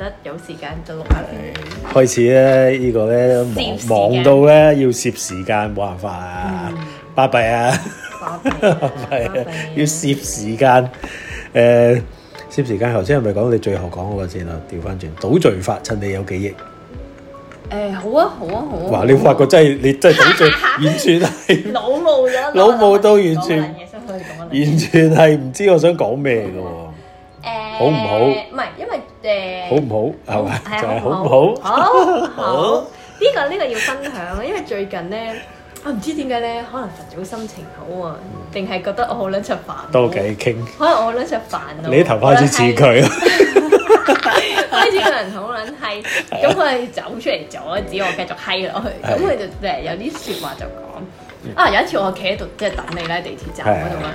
得有時間就錄埋。開始咧，呢個咧忙到咧要攝時間，冇辦法啊！拜拜啊！拜拜！要攝時間。誒，攝時間頭先係咪講你最後講嗰個先啊？調翻轉倒序法，趁你有記憶？誒好啊好啊好啊！哇！你發覺真係你真係倒序完全係老母都老母都完全完全係唔知我想講咩嘅喎？誒好唔好？唔係因為。好唔好？係咪？就係好唔好？好好，呢個呢個要分享，因為最近咧，我唔知點解咧，可能佛祖心情好啊，定係覺得我好撚煩？多幾傾。可能我好撚煩啊。你啲頭髮開始似佢，開始個人好撚閪，咁佢走出嚟阻止我繼續閪落去，咁佢就誒有啲説話就講。啊，有一次我企喺度即係等你咧，地鐵站嗰度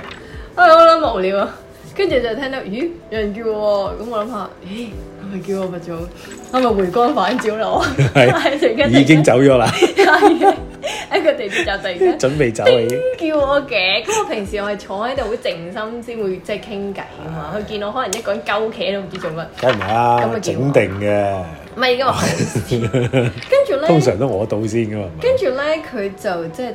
啊，我好撚無聊啊。跟住就聽到咦有人叫我，咁、嗯、我諗下，咦係咪叫我佛祖？我咪回光返照咯，已經走咗啦，一個地鐵就突然間準備走，叫我嘅。咁我平時我係坐喺度好靜心先會即係傾偈㗎嘛。佢見我可能一講鳩企都唔知做乜，梗係唔係啦，咁啊整定嘅。唔係㗎，跟住咧，通常都我到先㗎嘛。跟住咧，佢就即係誒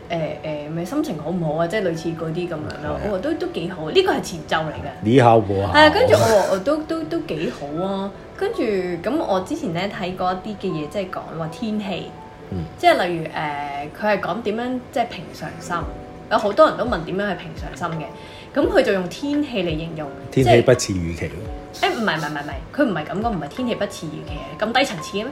誒，咪心情好唔好啊？即係類似嗰啲咁樣咯。我話都都幾好，呢個係前奏嚟嘅。呢效果啊？係啊，跟住我話我都都都幾好啊。跟住咁我之前，睇過一啲嘅嘢，即係講話天氣，即係例如誒，佢係講點樣即係平常心，有好多人都問點樣係平常心嘅，咁佢就用天氣嚟形容，天氣不似預期咯。誒，唔係唔係唔係，佢唔係咁講，唔係天氣不似預期嘅，咁低層次嘅咩？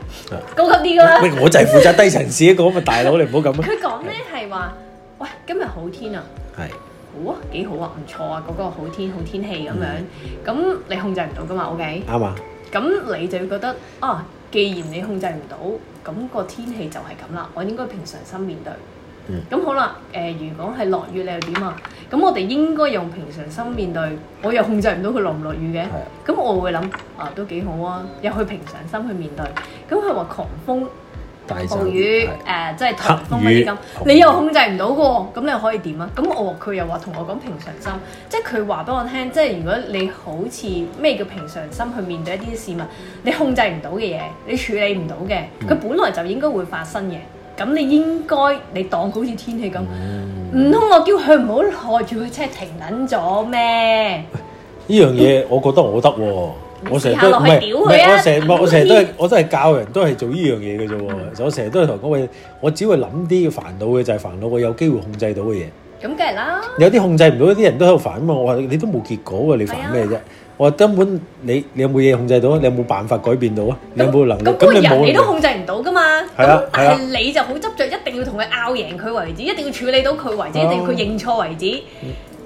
高級啲噶啦。喂，我就係負責低層次一個咁嘅大佬，你唔好咁樣。佢講咧係話，喂，今日好天啊，係好啊，幾好啊，唔錯啊，嗰個好天好天氣咁樣，咁你控制唔到噶嘛？OK。啱啊。咁你就會覺得啊，既然你控制唔到，咁個天氣就係咁啦，我應該平常心面對。咁、嗯、好啦，誒、呃，如果係落雨你又點啊？咁我哋應該用平常心面對，我又控制唔到佢落唔落雨嘅。咁、嗯、我會諗啊，都幾好啊，又去平常心去面對。咁佢話狂風。暴雨誒是、呃，即係颱風嗰啲咁，雨你又控制唔到嘅喎，咁、嗯、你可以點啊？咁我佢又話同我講平常心，即係佢話俾我聽，即係如果你好似咩叫平常心去面對一啲事物，你控制唔到嘅嘢，你處理唔到嘅，佢本來就應該會發生嘅，咁、嗯、你應該你當好似天氣咁，唔通、嗯、我叫佢唔好耐住佢車停撚咗咩？呢樣嘢我覺得我得喎、啊。我成日都唔係，我成日我成日都係，我都係教人都係做呢樣嘢嘅啫喎。我成日都係同嗰位，我只會諗啲要煩惱嘅就係煩惱我有機會控制到嘅嘢。咁梗係啦。有啲控制唔到啲人都喺度煩啊嘛。我話你都冇結果啊，你煩咩啫？我話根本你你有冇嘢控制到啊？你有冇辦法改變到啊？你有冇能力。咁嗰人你都控制唔到㗎嘛？係啊。但係你就好執着，一定要同佢拗贏佢為止，一定要處理到佢為止，一定要佢認錯為止。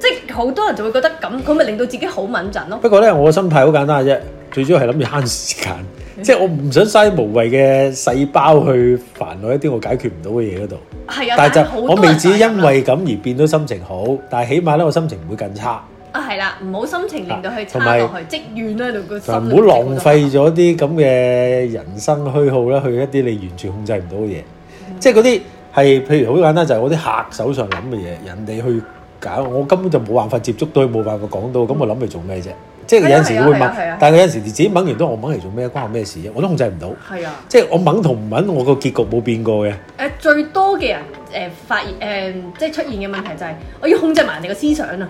即好多人就會覺得咁，佢咪令到自己好敏銳咯。不過咧，我嘅心態好簡單嘅啫，最主要係諗住慳時間，即係我唔想嘥無謂嘅細胞去煩惱一啲我解決唔到嘅嘢嗰度。係啊 是，但係就我未至因為咁而變到心情好，但係起碼咧，我心情唔會更差。啊，係啦，唔好心情令到佢，差落去積怨喺度。唔好浪費咗啲咁嘅人生虛耗啦，去一啲你完全控制唔到嘅嘢。嗯、即係嗰啲係，譬如好簡單，就係嗰啲客手上諗嘅嘢，人哋去。我根本就冇辦法接觸到，冇辦法講到，咁我諗佢做咩啫？即係有陣時會問，啊啊啊啊啊、但係佢有陣時自己問完都我問嚟做咩？關我咩事啫？我都控制唔到，啊、即係我問同唔問，我個結局冇變過嘅。誒、呃，最多嘅人誒發現誒、呃，即係出現嘅問題就係、是，我要控制埋你哋嘅思想啊！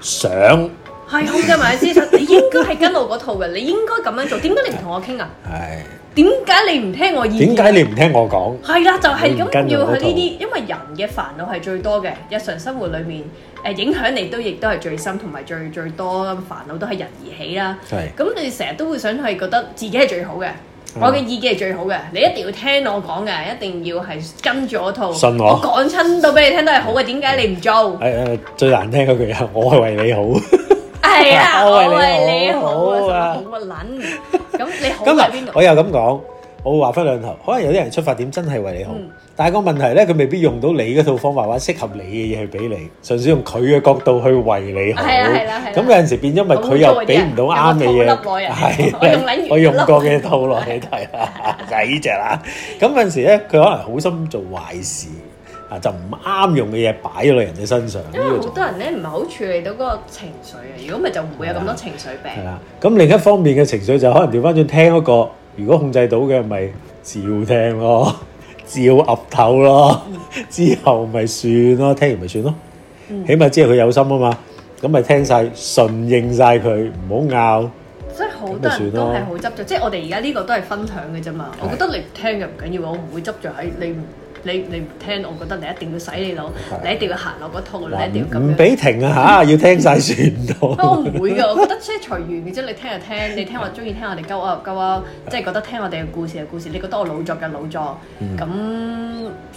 想係、哎、控制埋啲思想，你應該係跟我嗰套嘅，你應該咁樣做，點解你唔同我傾啊？哎點解你唔聽我意見？點解你唔聽我講？係啦，就係咁，要去呢啲，因為人嘅煩惱係最多嘅，日常生活裏面誒、呃、影響你都亦都係最深，同埋最最多煩惱都係人而起啦。係的。咁你成日都會想去覺得自己係最好嘅，嗯、我嘅意見係最好嘅，你一定要聽我講嘅，一定要係跟住我套。信我。講親到俾你聽都係好嘅，點解你唔做？係係、哎呃，最難聽嗰句係，我係為你好。 係啊，我為你好啊，好乜卵？咁你好今日？我又咁講，我會話翻兩頭，可能有啲人出發點真係為你好，但係個問題咧，佢未必用到你嗰套方法或適合你嘅嘢，去俾你，純粹用佢嘅角度去為你好。係啊係啦係。咁有陣時，變咗咪佢又俾唔到啱你嘅嘢，係，我用過嘅套路你睇啦，就呢隻啦。咁有陣時咧，佢可能好心做壞事。啊，就唔啱用嘅嘢擺喺度人哋身上。因為好多人咧唔係好處理到嗰個情緒啊，如果唔係就唔會有咁多情緒病。係啦，咁另一方面嘅情緒就可能調翻轉聽嗰個，如果控制到嘅咪照聽咯，照噏透咯，之後咪算咯，聽完咪算咯，起碼知佢有心啊嘛，咁咪聽曬順應曬佢，唔好拗。即係好多人都係好執著，即係我哋而家呢個都係分享嘅啫嘛。我覺得你唔聽就唔緊要，我唔會執著喺你。你你唔聽，我覺得你一定要洗你腦，你一定要行落嗰套，你一定要咁樣。唔俾停啊嚇，要聽曬全部。我唔會嘅，我覺得即係隨緣嘅，即係你聽就聽，你聽話中意聽我哋鳩啊鳩啊，即係覺得聽我哋嘅故事係故事，你覺得我老作嘅老作，咁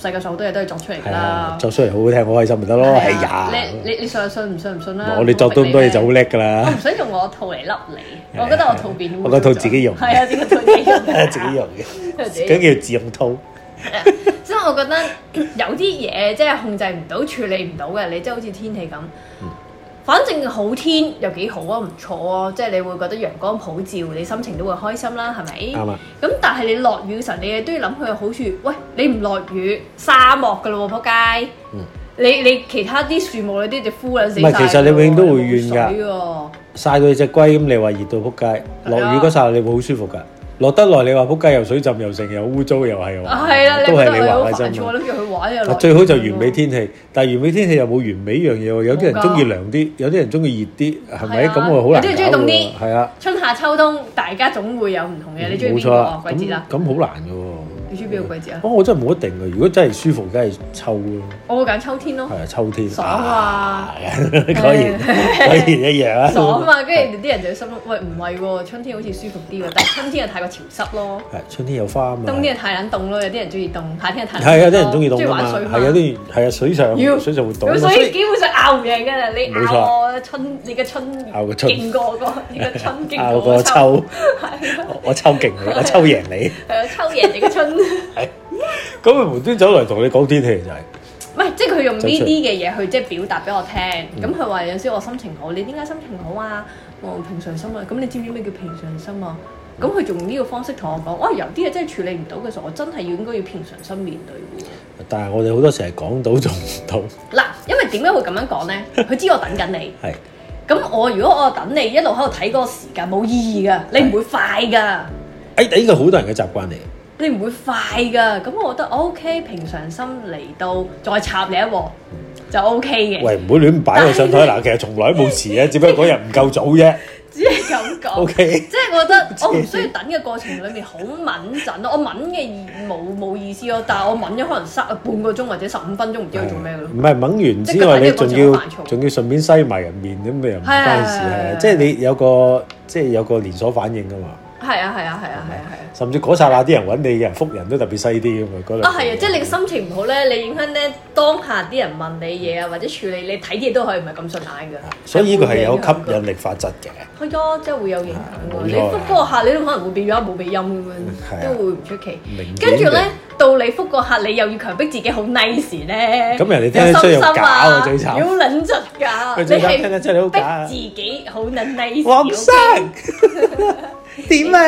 世界上好多嘢都係作出嚟㗎啦。作出嚟好好聽，好開心咪得咯。係啊。你你你信信唔信唔信啦。我你作到咁多嘢就好叻㗎啦。我唔想用我套嚟笠你，我覺得我套變。我個套自己用。係啊，呢個套自己用嘅。自己用嘅。咁叫自用套。即係 我覺得有啲嘢，即係控制唔到、處理唔到嘅，你即係好似天氣咁。嗯、反正好天又幾好啊，唔錯啊，即係你會覺得陽光普照，你心情都會開心啦，係咪？咁、嗯、但係你落雨嘅時候，你都要諗佢好處。喂，你唔落雨，沙漠噶啦，仆街。嗯、你你其他啲樹木你啲就枯啦，其實你永遠都會怨噶。曬到你隻龜咁你話熱到仆街，落雨嗰時候你會好舒服噶。呀 落得耐，你話撲街又水浸又成，又污糟又係喎，啊、都係你話係真。最好就完美天氣，但係完美天氣又冇完美樣嘢喎。有啲人中意涼啲，有啲人中意熱啲，係咪、啊？咁我好難搞。你都中意凍啲，係啊。春夏秋冬，大家總會有唔同嘅。嗯、你中意邊個季節啊？咁好難嘅喎。邊個季節啊？我我真係冇一定嘅。如果真係舒服，梗係秋咯。我會揀秋天咯。係啊，秋天爽啊！果然果然一樣啊，爽啊嘛。跟住啲人就心諗，喂，唔係，春天好似舒服啲，但係春天又太過潮濕咯。係春天有花啊嘛。冬天又太冷凍咯，有啲人中意凍，夏天又太。係啊，啲人中意凍啊嘛。係啊，啲係啊，水上水上活動，所以基本上拗唔贏嘅啦。你拗我春，你嘅春勁過我。你嘅春勁過秋，我抽勁你，我抽贏你。係啊，秋贏你嘅春。誒，咁佢無端走嚟同你講天氣就係，唔係即係佢用呢啲嘅嘢去即係表達俾我聽。咁佢話有陣時我心情好，你點解心情好啊？我平常心啊。咁你知唔知咩叫平常心啊？咁佢仲用呢個方式同我講，我、哎、有啲嘢真係處理唔到嘅時候，我真係要應該要平常心面對嘅。但係我哋好多時係講到做唔到。嗱，因為點解會咁樣講咧？佢知我等緊你。係 是。咁我如果我等你一路喺度睇嗰個時間，冇意義噶，你唔會快噶。誒，但呢個好多人嘅習慣嚟。你唔會快噶，咁我覺得 O、OK, K，平常心嚟到再插你一鑊就 O K 嘅。喂，唔會亂擺我上台嗱，是其實從來冇遲啊， 只不過嗰日唔夠早啫。只係咁講。O Okay ? K，即係我覺得我唔需要等嘅過程裏面好穩陣，我穩嘅意冇冇意思咯。但係我穩咗可能塞半個鐘或者十五分鐘，唔知去做咩咯。唔係穩完之後，你仲要仲要順便西埋人面咁樣，係係，即係你有個即係有個連鎖反應噶嘛。係啊係啊係啊係啊係啊！啊啊啊啊，甚至嗰剎那啲人揾你嘅人覆人都特別犀啲咁啊！嗰啊係啊，即係你嘅心情唔好咧，你影響咧當下啲人問你嘢啊，或者處理你睇嘢都可以唔係咁順眼嘅。所以呢個係有吸引力法則嘅。係咯、啊啊，即係會有影響嘅、啊。你覆嗰個客，你都可能會變咗冇味音咁樣，都會唔出奇。跟住咧，到你覆個客，你又要強逼自己好 nice 咧，有心心啊，好捻出假，你係逼自己好捻 nice。點啊？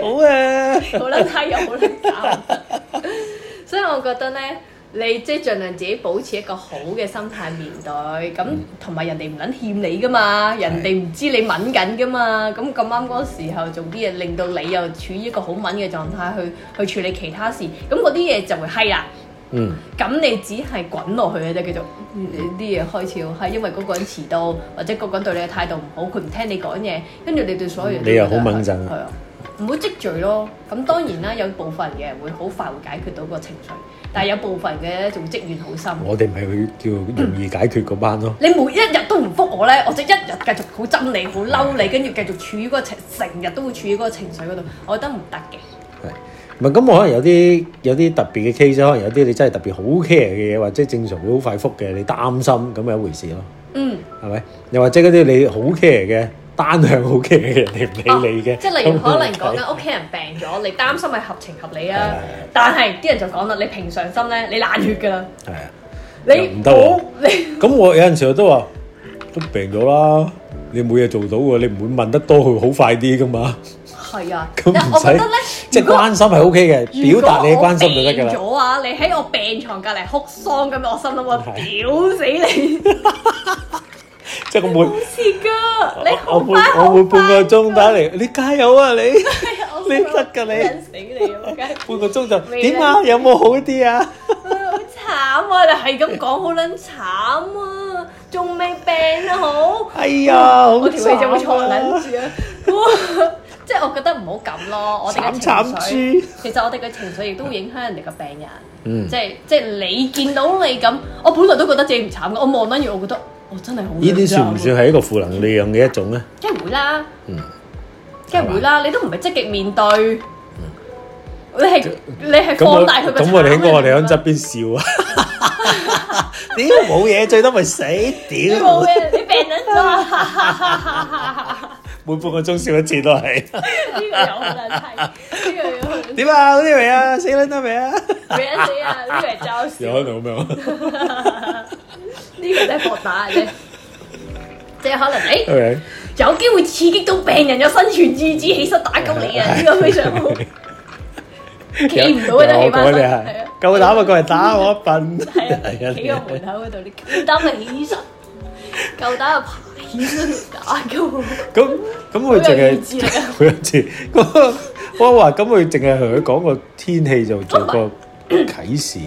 好啊，好撚閪又好撚搞， 所以我覺得咧，你即係儘量自己保持一個好嘅心態面對，咁同埋人哋唔撚欠你噶嘛，的人哋唔知你敏感噶嘛，咁咁啱嗰時候做啲嘢令到你又處於一個好敏嘅狀態去去處理其他事，咁嗰啲嘢就會閪啦。嗯，咁你只係滾落去嘅啫，繼續啲嘢，嗯、開始係因為嗰個人遲到，或者嗰個人對你嘅態度唔好，佢唔聽你講嘢，跟住你對所有人你又好掹震，係啊，唔好積聚咯。咁，嗯嗯、當然啦，有部分嘅人會好快會解決到個情緒，但係有部分嘅人仲積怨好深。我哋咪去叫容易解決嗰班咯，嗯。你每一日都唔覆我咧，我就一日繼續好憎你，好嬲你，跟住繼續處於嗰，那個情，成日都會處於嗰個情緒嗰度，我覺得唔得嘅。唔係咁，我可能有啲有啲特別嘅 case，可能有啲你真係特別好 care 嘅嘢，或者正常會好快復嘅，你擔心咁係一回事咯。嗯，係咪？又或者嗰啲你好 care 嘅，單向好 care 嘅，人哋唔理你嘅。即係例如可能講緊屋企人病咗，你擔心係合情合理啊。但係啲人就講啦，你平常心咧，你冷血㗎啦。係啊，你唔得啊。你咁我有陣時都話都病咗啦，你冇嘢做到喎，你唔會問得多佢會佢好快啲㗎嘛？係啊，咁我覺得呢。即係關心係 OK 嘅，表達你嘅關心就得噶啦。咁啊，你喺我病床隔籬哭喪咁，我心諗，我屌死你！即係我唔好似噶，你打我打半個鐘打嚟，你加油啊你！你得噶你，你得噶你，我梗係半個鐘就點啊？有冇好啲啊？好慘啊！你係咁講好撚慘啊！仲未病得好。哎呀，我條氣就坐捻住啊！哇～即係我覺得唔好咁咯，我哋咁慘，其實我哋嘅情緒亦都會影響人哋嘅病人。即係即係你見到你咁，我本來都覺得自己唔慘嘅，我望緊完我覺得我真係好。呢啲算唔算係一個負能量嘅一種咧？梗係會啦，梗係會啦，你都唔係積極面對，你係你係放大佢個。咁我哋應該，我哋喺側邊笑啊！點都冇嘢，最多咪死點。冇嘢，你病人每半個鐘笑一次都係，呢個有可能係，呢個又好點啊？呢啲未啊？死撚得未啊？未啊，死啊！呢個係詐屍，又開到冇咩喎？呢個真係搏打嘅，即係可能誒有機會刺激到病人嘅生存意志起身打鳩你啊！呢個非常好。企唔到都起碼，夠膽啊，過嚟打我一棍！喺個門口嗰度，你打未起身？夠膽啊！咁咁佢淨係每一次， 我我話，咁佢淨係同佢講個天氣就做個啟示。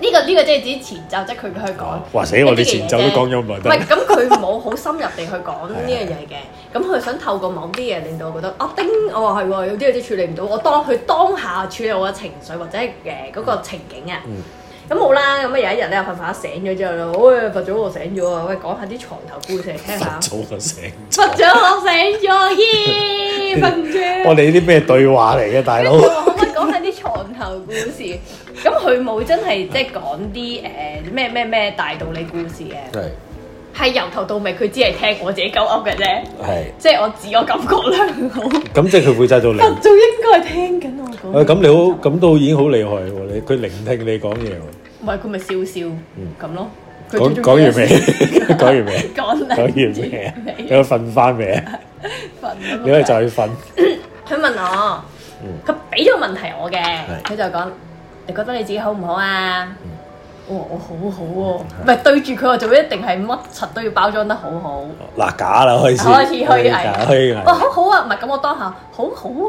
呢個呢個即係指前奏，即係佢佢講。哇死我！我啲前奏都講咗唔係得。係咁佢冇好深入地去講呢樣嘢嘅。咁佢 想透過某啲嘢令到我覺得啊丁，我話係喎，有啲嘢真係處理唔到。我當佢當下處理我嘅情緒或者係誒嗰個情景啊。Mm hmm. 咁冇啦，咁啊有一日咧，瞓瞓下醒咗之後咧，唉、哎，佛祖我醒咗啊，喂，講下啲床頭故事嚟聽下。佛祖我醒。佛祖我醒咗耶，瞓住。我哋呢啲咩對話嚟嘅，大佬？可唔可以講下啲床頭故事？咁佢冇真係即係講啲誒咩咩咩大道理故事嘅。係由頭到尾，佢只係聽我自己鳩噏嘅啫，係即係我自我感覺良好。咁即係佢負責做嚟，仲應該係聽緊我講。喂，咁你好，咁都已經好厲害喎！你佢聆聽你講嘢喎。唔係佢咪笑笑咁咯？講講完未？講完未？講完未？有瞓翻未？瞓？你可以去瞓。佢問我，佢俾咗個問題我嘅，佢就講：你覺得你自己好唔好啊？我好好喎，唔係對住佢話，就一定係乜柒都要包裝得好好。嗱，假啦開始，開始虛假虛偽。哇，好好啊，唔係咁，我當下好好喎。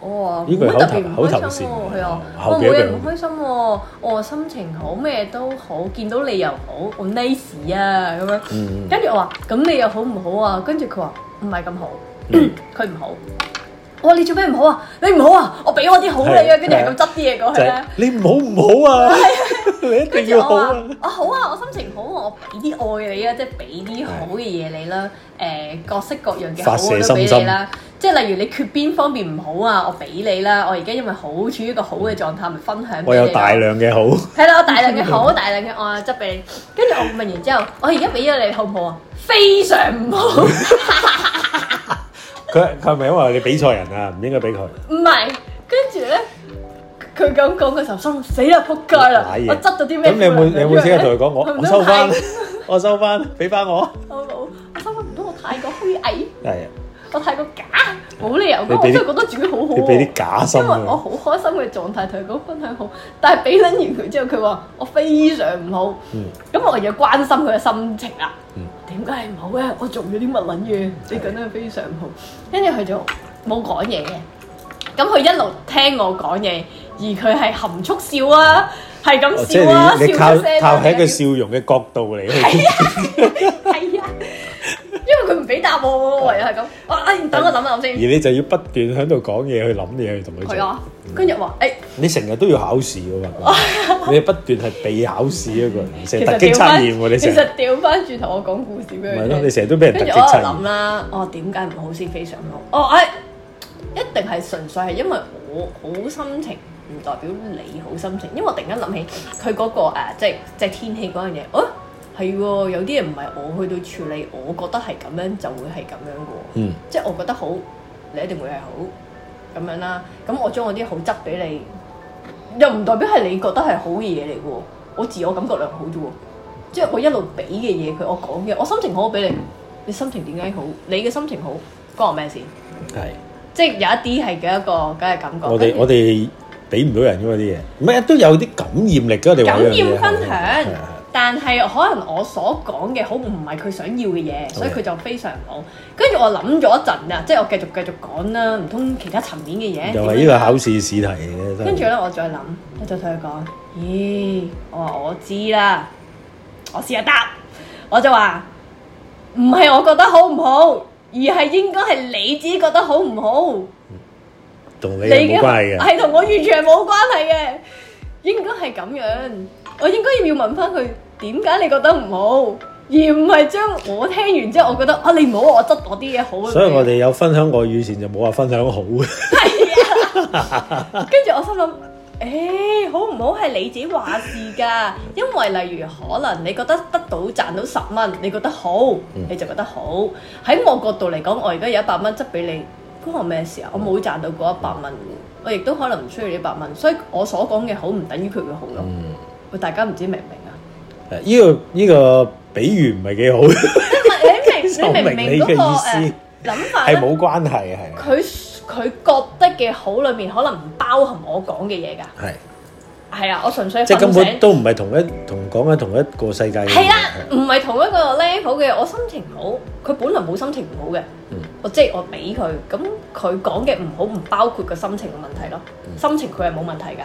我話乜特別唔開心喎，佢話我冇嘢唔開心喎。我心情好，咩都好，見到你又好，我 nice 啊咁樣。跟住我話咁你又好唔好啊？跟住佢話唔係咁好，佢唔好。我、哦、你做咩唔好啊？你唔好啊！我俾我啲好你啊，跟住係咁執啲嘢過去咧、啊。你唔好唔好啊！ 你一定要好啊！我好啊！我心情好、啊，我俾啲愛你啊，即係俾啲好嘅嘢你啦、啊。誒對，各式各樣嘅好我都俾你啦、啊。心心即係例如你缺邊方面唔好啊，我俾你啦、啊。我而家因為好處於一個好嘅狀態，咪分享俾你、啊。我有大量嘅好。係啦， 我大量嘅好，大量嘅愛執、啊、俾你。跟住我問完之後，我而家俾咗你，好唔好啊？非常唔好。 佢佢係咪因為你俾錯人啊？唔應該俾佢。唔係，跟住咧，佢咁講嘅時候，心死啦，仆街啦！我執咗啲咩？咁你有冇你有冇試過同佢講我？我收翻，我收翻，俾翻我。好唔好？我收翻唔到，我太過虛偽。係啊，我太過假。冇理由咁，我真係覺得自己好好啊，畀啲假心，因為我好開心嘅狀態同佢講分享好，但係俾撚完佢之後，佢話我非常唔好，咁我又要關心佢嘅心情啊，點解唔好咧？我做咗啲乜撚嘢？你覺得佢非常唔好，跟住佢就冇講嘢，咁佢一路聽我講嘢，而佢係含蓄笑啊，係咁笑啊，笑出聲嚟。你靠靠喺佢笑容嘅角度嚟去。因為佢唔俾答我唯有係咁。我、哎、誒等我諗一諗先。而你就要不斷喺度講嘢去諗嘢去同佢。係啊，跟住話誒。欸、你成日都要考試㗎嘛？啊、你不斷係被考試一個人，成日、啊、突擊測驗喎，你成日。其實掉翻。其實掉返轉同我講故事俾佢。係咯，你成日都俾人突擊測驗。我諗啦，我點解唔好先？非常好。哦、啊、誒，一定係純粹係因為我好心情，唔代表你好心情。因為我突然間諗起佢嗰、嗰個即係即係天氣嗰樣嘢。哦、啊。係喎，有啲嘢唔係我去到處理，我覺得係咁樣就會係咁樣嘅喎。嗯，即係我覺得好，你一定會係好咁樣啦。咁我將我啲好執俾你，又唔代表係你覺得係好嘅嘢嚟嘅喎。我自我感覺良好啫喎。即係我一路俾嘅嘢，佢我講嘅，我心情好，我俾你，你心情點解好？你嘅心情好關我咩事？係是，即係有一啲係嘅一個，梗係感覺。我哋們後我哋俾唔到人嘅啲嘢，咩都有啲感染力嘅。你話感染分享。 但係可能我所講嘅好唔係佢想要嘅嘢，Okay. 所以佢就非常好。跟住我諗咗一陣啊，即係我繼續繼續講啦，唔通其他層面嘅嘢？又係呢個考試試題。跟住咧，我再諗、哎，我再同佢講，咦？我話我知啦，我試下答，我就話唔係我覺得好唔好，而係應該係你自己覺得好唔好。同你嘅，係同我完全冇關係嘅，應該係咁樣。我應該要問翻佢，點解你覺得唔好，而唔係將我聽完之後，我覺得啊你唔好，我執我啲嘢好。所以我哋有分享過以前就冇話分享好嘅。啊， 跟住我心諗，誒、哎、好唔好係你自己話事㗎。因為例如可能你覺得得到賺到十蚊，你覺得好，你就覺得好。喺、嗯、我角度嚟講，我而家有一百蚊執俾你，關我咩事啊？我冇賺到嗰一百蚊，我亦都可能唔需要呢一百蚊，所以我所講嘅好唔等於佢嘅好咯。嗯喂，大家唔知明唔明啊？誒，依個依個比喻唔係幾好。你明你明唔明你嘅意思諗法咧？係冇關係嘅，係佢佢覺得嘅好裏面可能唔包含我講嘅嘢㗎。係係啊，我純粹即係根本都唔係同一同講緊同一個世界。係啦，唔係同一個 level 嘅。我心情好，佢本來冇心情唔好嘅。嗯，我即係我俾佢，咁佢講嘅唔好唔包括個心情嘅問題咯。心情佢係冇問題㗎。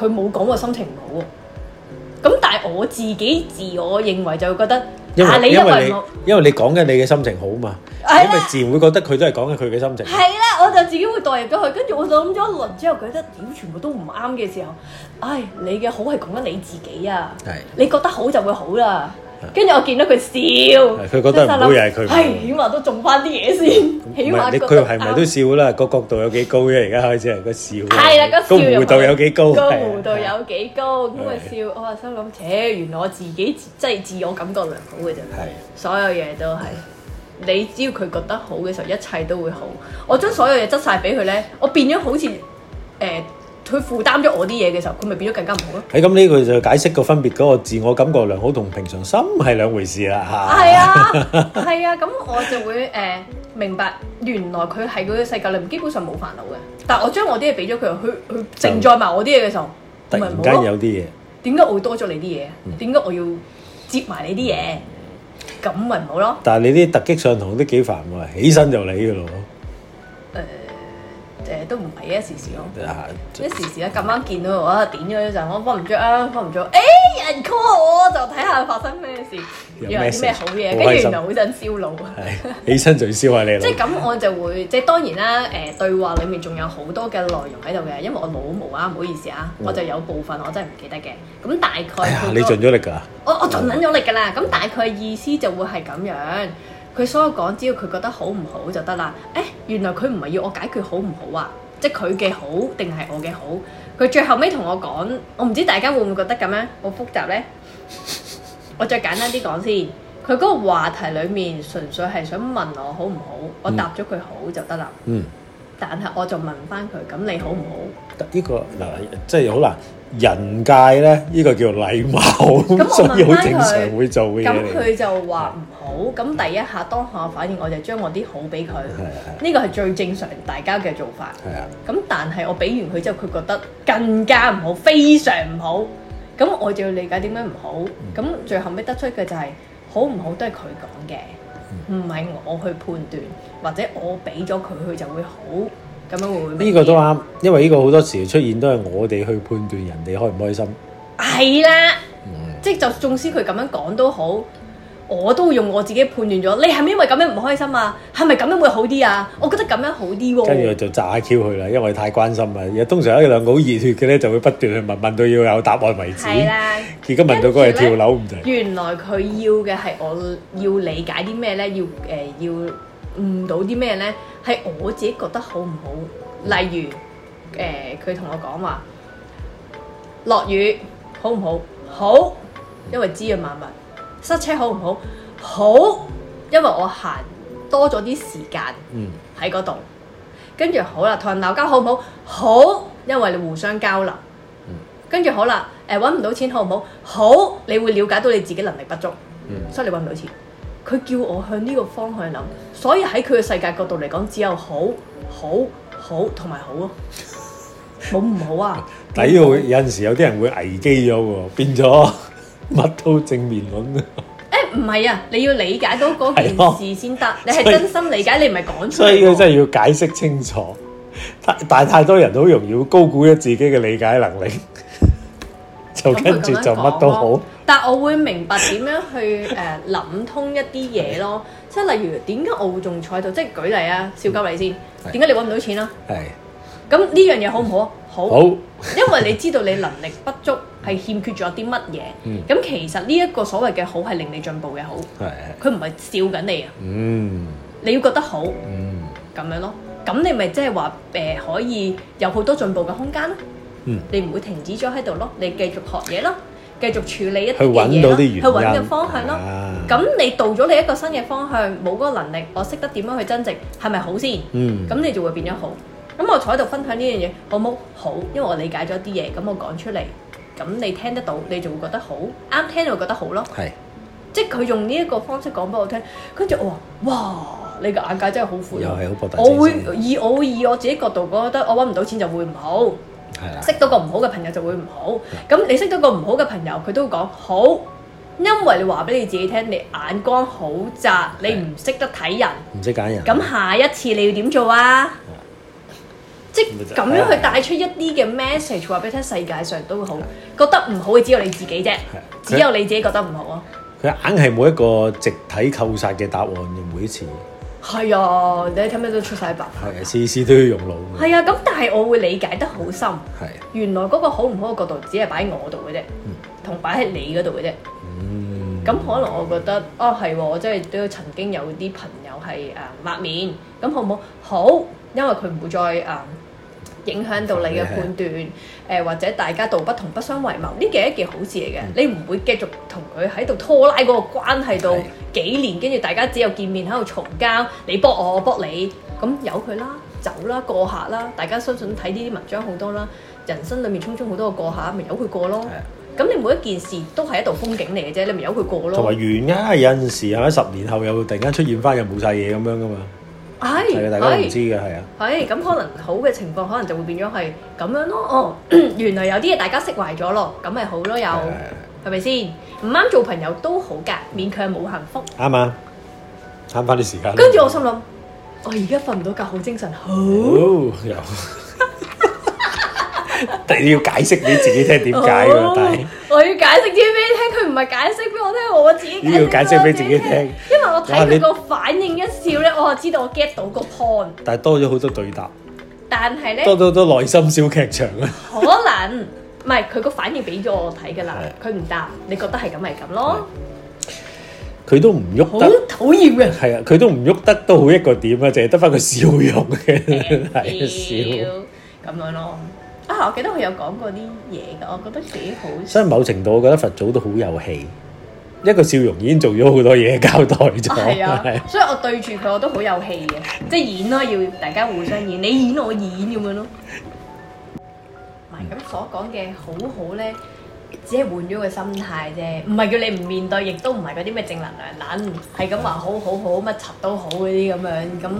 佢冇講我心情唔好喎，咁但係我自己自我認為就會覺得，但係你因為我，因為你講緊你嘅心情好嘛，你咪自然會覺得佢都係講緊佢嘅心情。係啦，我就自己會代入咗去，跟住我就諗咗一輪之後，覺得點全部都唔啱嘅時候，唉，你嘅好係講緊你自己啊，係，你覺得好就會好啦。跟住我見到佢笑，佢覺得好又係佢。係，起碼都種翻啲嘢先。唔係你佢係咪都笑啦？個角度有幾高啫？而家開始係個笑。係啦，個笑高弧度有幾高？高弧度有幾高？咁佢笑，我話心諗，切，原來我自己真係自我感覺良好嘅啫。係。所有嘢都係，你只要佢覺得好嘅時候，一切都會好。我將所有嘢執曬俾佢咧，我變咗好似誒。佢負擔咗我啲嘢嘅時候，佢咪變咗更加唔好咯。係咁，呢句就解釋個分別嗰個自我感覺良好同平常心係兩回事啦嚇。係啊，係啊，咁、嗯 嗯、我就會誒、呃、明白原來佢喺佢嘅世界裏面基本上冇煩惱嘅，但係我將我啲嘢俾咗佢，佢佢承載埋我啲嘢嘅時候，就突然間有啲嘢。點解我會多咗你啲嘢？點解、嗯、我要接埋你啲嘢？咁咪唔好咯。但係你啲突擊上堂都幾煩喎，起身就嚟嘅咯。嗯誒、呃、都唔係嘅時時囉，一、啊、時時啊，咁啱見到我啊點咗一陣，我瞓唔着啊瞓唔着，誒、欸、人 call 我就睇下發生咩事，有啲咩好嘢，跟住又好想燒腦，的 起身就燒下你啦。即係咁，我就會即係當然啦。誒、呃、對話裡面仲有好多嘅內容喺度嘅，因為我冇冇啊，唔好意思啊，嗯、我就有部分我真係唔記得嘅。咁大概、哎，你盡咗力㗎，我我盡緊咗力㗎啦。咁大概意思就會係咁樣。佢所有講，只要佢覺得好唔好就得啦。誒、哎，原來佢唔係要我解決好唔好啊，即係佢嘅好定係我嘅好。佢最後尾同我講，我唔知大家會唔會覺得咁樣好複雜呢？我再簡單啲講先，佢嗰個話題裡面純粹係想問我好唔好，我答咗佢好就得啦，嗯。嗯。但係我就問翻佢，咁你好唔好？呢、這個嗱，即係好難。人界咧，呢、這個叫禮貌，咁所以好正常會做嘅嘢。咁佢就話唔好，咁第一下當下反應我就將我啲好俾佢。呢 個係最正常大家嘅做法。係啊。咁但係我俾完佢之後，佢覺得更加唔好，非常唔好。咁我就要理解點解唔好。咁最後尾得出嘅就係、是、好唔好都係佢講嘅，唔係我去判斷，或者我俾咗佢，佢就會好。咁樣會咩？呢個都啱，因為呢個好多時出現都係我哋去判斷人哋開唔開心。係啦，即係就縱使佢咁樣講都好，我都會用我自己判斷咗。你係咪因為咁樣唔開心啊？係咪咁樣會好啲啊？我覺得咁樣好啲喎。跟住就炸 Q 佢啦，因為太關心啦。而通常一兩個好熱血嘅咧，就會不斷去問問到要有答案為止。係啦。結果問到嗰日跳樓唔濟。原來佢要嘅係我要理解啲咩咧？要誒要悟到啲咩咧？係我自己覺得好唔好？例如，誒佢同我講話落雨好唔好？好，因為滋潤萬物。塞車好唔好？好，因為我行多咗啲時間喺嗰度。跟住、嗯、好啦，同人鬧交好唔好？好，因為你互相交流。跟住、嗯、好啦，誒揾唔到錢好唔好？好，你會了解到你自己能力不足，嗯、所以你揾唔到錢。佢叫我向呢個方向諗，所以喺佢嘅世界角度嚟講，只有好好好同埋好咯，冇唔好啊。但係有陣時有啲人會危機咗喎，變咗乜都正面諗。誒唔係啊，你要理解到嗰件事先得，啊、你係真心理解，你唔係講出。所以佢真係要解釋清楚，但係太多人都好容易高估咗自己嘅理解能力。就跟住就乜都好，但係我會明白點樣去誒諗通一啲嘢咯，即係例如點解我會仲彩到，即係舉例啊，笑鳩你先，點解你揾唔到錢啊？係，咁呢樣嘢好唔好啊？好，因為你知道你能力不足係欠缺咗啲乜嘢，咁其實呢一個所謂嘅好係令你進步嘅好，係，佢唔係笑緊你啊，嗯，你要覺得好，嗯，咁樣咯，咁你咪即係話誒可以有好多進步嘅空間。你唔會停止咗喺度咯，你繼續學嘢咯，繼續處理一啲嘢咯，去揾個方向咯。咁你到咗你一個新嘅方向，冇嗰個能力，我識得點樣去增值，係咪好先？嗯，咁你就會變咗好。咁我坐喺度分享呢樣嘢，好冇好，好？因為我理解咗啲嘢，咁我講出嚟，咁你聽得到，你就會覺得好啱聽就覺得好咯。係，即係佢用呢一個方式講俾我聽，跟住我話哇，你個眼界真係好闊，又我會以我會以我自己角度講，我覺得我揾唔到錢就會唔好。識到個唔好嘅朋友就會唔好，咁的你識到個唔好嘅朋友，佢都講好，因為你話俾你自己聽，你眼光好窄，的你唔識得睇人，唔識揀人，咁下一次你要點做啊？即係咁樣去帶出一啲嘅 message，話俾你聽世界上都會好，的覺得唔好嘅只有你自己啫，的只有你自己覺得唔好啊。佢硬係每一個直體扣殺嘅答案嘅每一次。係啊，你睇咩都出晒白，係啊，次次都要用腦。係啊，咁但係我會理解得好深。係、啊，原來嗰個好唔好嘅角度只，只係擺喺我度嘅啫，同擺喺你嗰度嘅啫。咁、嗯、可能我覺得，哦、啊，係、啊，我真係都要曾經有啲朋友係啊抹面，咁好唔好？好，因為佢唔會再啊。影響到你嘅判斷，誒，或者大家道不同不相為謀，呢件係一件好事嚟嘅。你唔會繼續同佢喺度拖拉嗰個關係度幾年，跟住大家只有見面喺度嘈交，你卜我我卜你，咁由佢啦，走啦過客啦，大家相信睇呢啲文章好多啦，人生裡面匆匆好多個過客，咪由佢過咯。咁你每一件事都係一道風景嚟嘅啫，你咪由佢過咯。同埋完噶，有陣時係咪十年後又突然間出現翻又冇曬嘢咁樣噶嘛？係，係大家唔知嘅，係啊。係咁，可能好嘅情況，可能就會變咗係咁樣咯。哦，原來有啲嘢大家釋懷咗咯，咁咪好咯，又係咪先？唔啱做朋友都好噶，勉強冇幸福，啱嘛？慳翻啲時間。跟住我心諗，我而家瞓唔到覺，好精神，好！ 但你要解釋俾自己聽點解喎？Oh，但係是我要解釋啲咩聽？佢唔係解釋俾我聽，我自己要解釋俾自己聽。因為我睇佢個反應一笑咧，我就知道我 get 到個 point。但係多咗好多對答，但係咧多多多內心小劇場啊。可能唔係佢個反應俾咗我睇嘅啦。佢唔的答，你覺得係咁咪咁咯？佢都唔喐得，好討厭嘅。係啊，佢都唔喐得，都好一個點啊，淨係得翻個笑容嘅，係到笑咁樣咯。啊！我記得佢有講過啲嘢嘅，我覺得幾好。所以某程度，我覺得佛祖都好有戲，一個笑容已經做咗好多嘢交代咗。係啊，啊啊所以我對住佢我都好有戲嘅， 即係演咯，要大家互相演，你演我演咁樣咯。唔咁、 啊、所講嘅好好咧，只係換咗個心態啫，唔係叫你唔面對，亦都唔係嗰啲咩正能量撚，係咁話好好好乜柒都好嗰啲咁樣咁。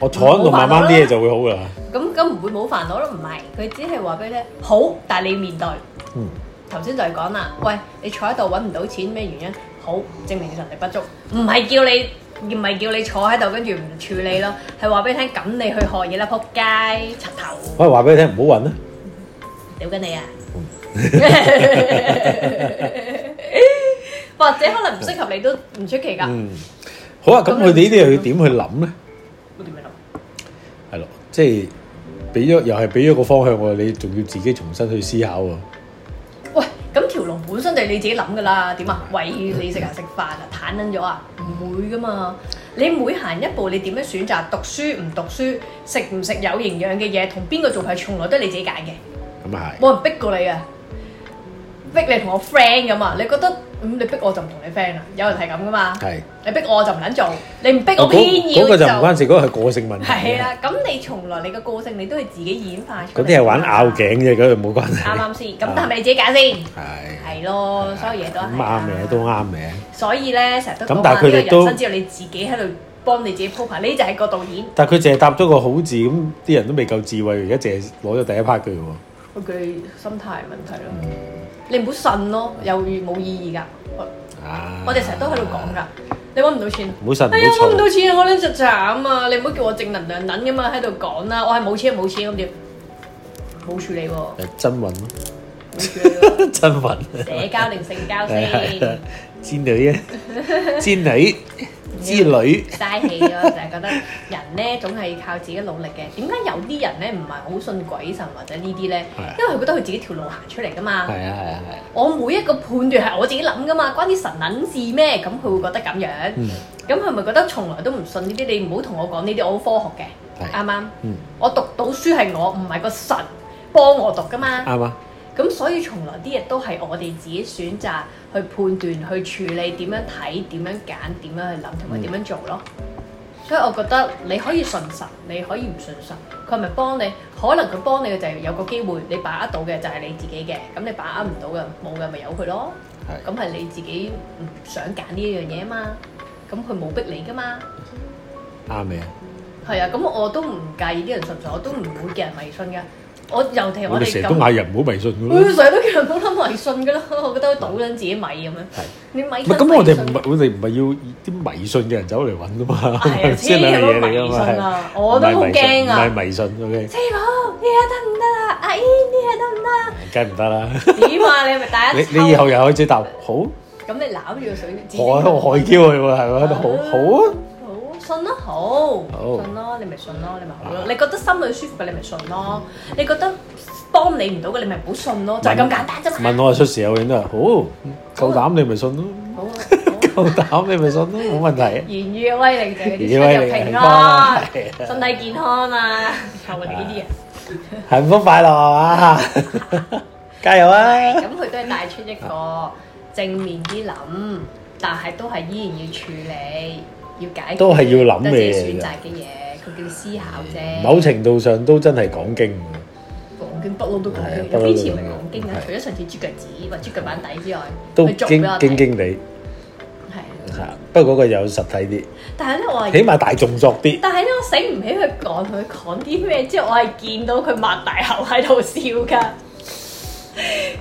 我坐喺度慢慢啲嘢就會好噶啦。咁咁唔會冇煩惱咯？唔係，佢只係話俾你聽，好，但係你面對。嗯。頭先就係講啦，喂，你坐喺度揾唔到錢咩原因？好，證明你能力不足。唔係叫你，唔係叫你坐喺度跟住唔處理咯，係話俾你聽，咁你去學嘢啦，撲街，柒頭。可能話俾你聽，唔好揾啦。屌緊你啊！或者可能唔適合你都唔出奇噶。嗯。好啊，咁佢哋呢啲又要點去諗咧？即係俾咗，又係俾咗個方向喎。你仲要自己重新去思考喎。喂，咁條龍本身就係你自己諗噶啦。點啊？喂，你食啊食飯啊，攤撚咗啊？唔會噶嘛。你每行一步，你點樣選擇讀書唔讀書，食唔食有營養嘅嘢，同邊個做派，從來都係你自己揀嘅。咁啊係。冇人逼過你啊！逼你同我 friend 咁啊！你覺得咁你逼我就唔同你 friend 啦，有人係咁噶嘛？係。你逼我就唔捻做，你唔逼我偏要就。嗰個就唔關事，嗰個係個性問題。係啦，咁你從來你個個性你都係自己演化出嚟。嗰啲係玩拗頸啫，嗰度冇關係。啱唔啱先？咁但係咪你自己揀先。係。係咯，所有嘢都啱嘅，都啱嘅。所以咧，成日都講話，因為人生只有你自己喺度幫你自己鋪排，呢就係個導演。但係佢淨係答咗個好字，咁啲人都未夠智慧，而家淨係攞咗第一 part 嘅喎。我覺得心態問題咯。你唔好信咯，有冇意義㗎？啊、我我哋成日都喺度講㗎，啊、你揾唔到錢，唔好信，唔好嘈。哎呀，揾唔吵到錢啊，我真係慘啊！你唔好叫我正能量撚㗎嘛，喺度講啦，我係冇車冇錢咁點，好處理喎。真運咯，真運。社交定性交先，賤女啊，賤女。 之旅嘥氣咯，就係覺得人咧總係靠自己努力嘅。點解有啲人咧唔係好信鬼神或者呢啲咧？因為佢覺得佢自己條路行出嚟噶嘛。係啊係啊係。我每一個判斷係我自己諗噶嘛，關啲神諗事咩？咁佢會覺得咁樣。咁佢咪覺得從來都唔信呢啲？你唔好同我講呢啲，我好科學嘅，啱唔啱？我讀到書係我唔係個神幫我讀噶嘛。啱啊。咁所以從來啲嘢都係我哋自己選擇。去判斷、去處理、點樣睇、點樣揀、點樣去諗同埋點樣做咯。所以我覺得你可以信神，你可以唔信神。佢係咪幫你？可能佢幫你嘅就係有個機會，你把握到嘅就係你自己嘅。咁你把握唔到嘅，冇嘅咪由佢咯。係。咁係你自己想揀呢一樣嘢啊嘛。咁佢冇逼你噶嘛。啱未啊？係啊。咁我都唔介意啲人信神，我都唔會嘅人迷信㗎。我尤其我哋成日都嗌人唔好迷信噶咯，我成日都叫人唔好諗迷信噶咯，我覺得倒緊自己米咁樣。係，你米咁。唔係咁，我哋唔係我哋唔係要啲迷信嘅人走嚟揾噶嘛。係，兩樣嘢嚟嘅嘛。我都好驚啊！唔係迷信嘅。師傅呢下得唔得啊？阿姨呢下得唔得？梗係唔得啦！點啊？你咪帶一。你你以後又開始答好？咁你攬住個水？我我可以嬌佢喎，係咪？好好。信咯，好信咯，你咪信咯，你咪好咯。你覺得心裏舒服嘅，你咪信咯；你覺得幫你唔到嘅，你咪唔好信咯。就係咁簡單啫。問我出事啊？有影都係，好夠膽你咪信咯，夠膽你咪信咯，冇問題。言語威力，言語威力，平安啊？身體健康嘛，求你呢啲人，幸福快樂啊嘛，加油啊！咁佢都係帶出一個正面啲諗，但係都係依然要處理。要解都係要諗嘅嘢，選擇嘅嘢，佢叫思考啫。某程度上都真係講經，講經不嬲都講經，之前咪講經啊？除咗上次豬腳趾或豬腳板底之外，都經經經地，係啊，不過嗰個有實體啲。但係咧，我係起碼大眾作啲。但係咧，我醒唔起佢講佢講啲咩，即係我係見到佢擘大口喺度笑㗎。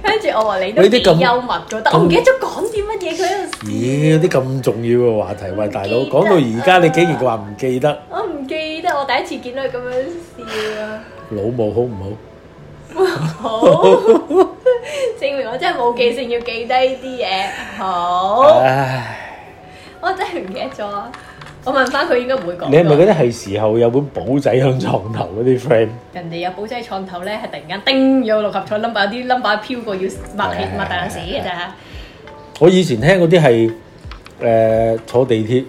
跟住我話你都咁幽默，這這得，些我唔記得咗講啲乜嘢，佢嗰陣時咦，啲咁重要嘅話題，喂，大佬，講到而家你竟然話唔記得？我唔記得，我第一次見到佢咁樣笑啊！老母好唔好？好， 證明我真係冇記性，要記低啲嘢。好，唉！我真係唔記得咗。我問翻佢應該唔會講。你係咪覺得係時候有本簿仔喺牀頭嗰啲 friend？人哋有簿仔喺牀頭咧，係突然間叮，有六合彩 number 啲 number 飄過要抹血抹大眼屎嘅咋。我以前聽嗰啲係誒，坐地鐵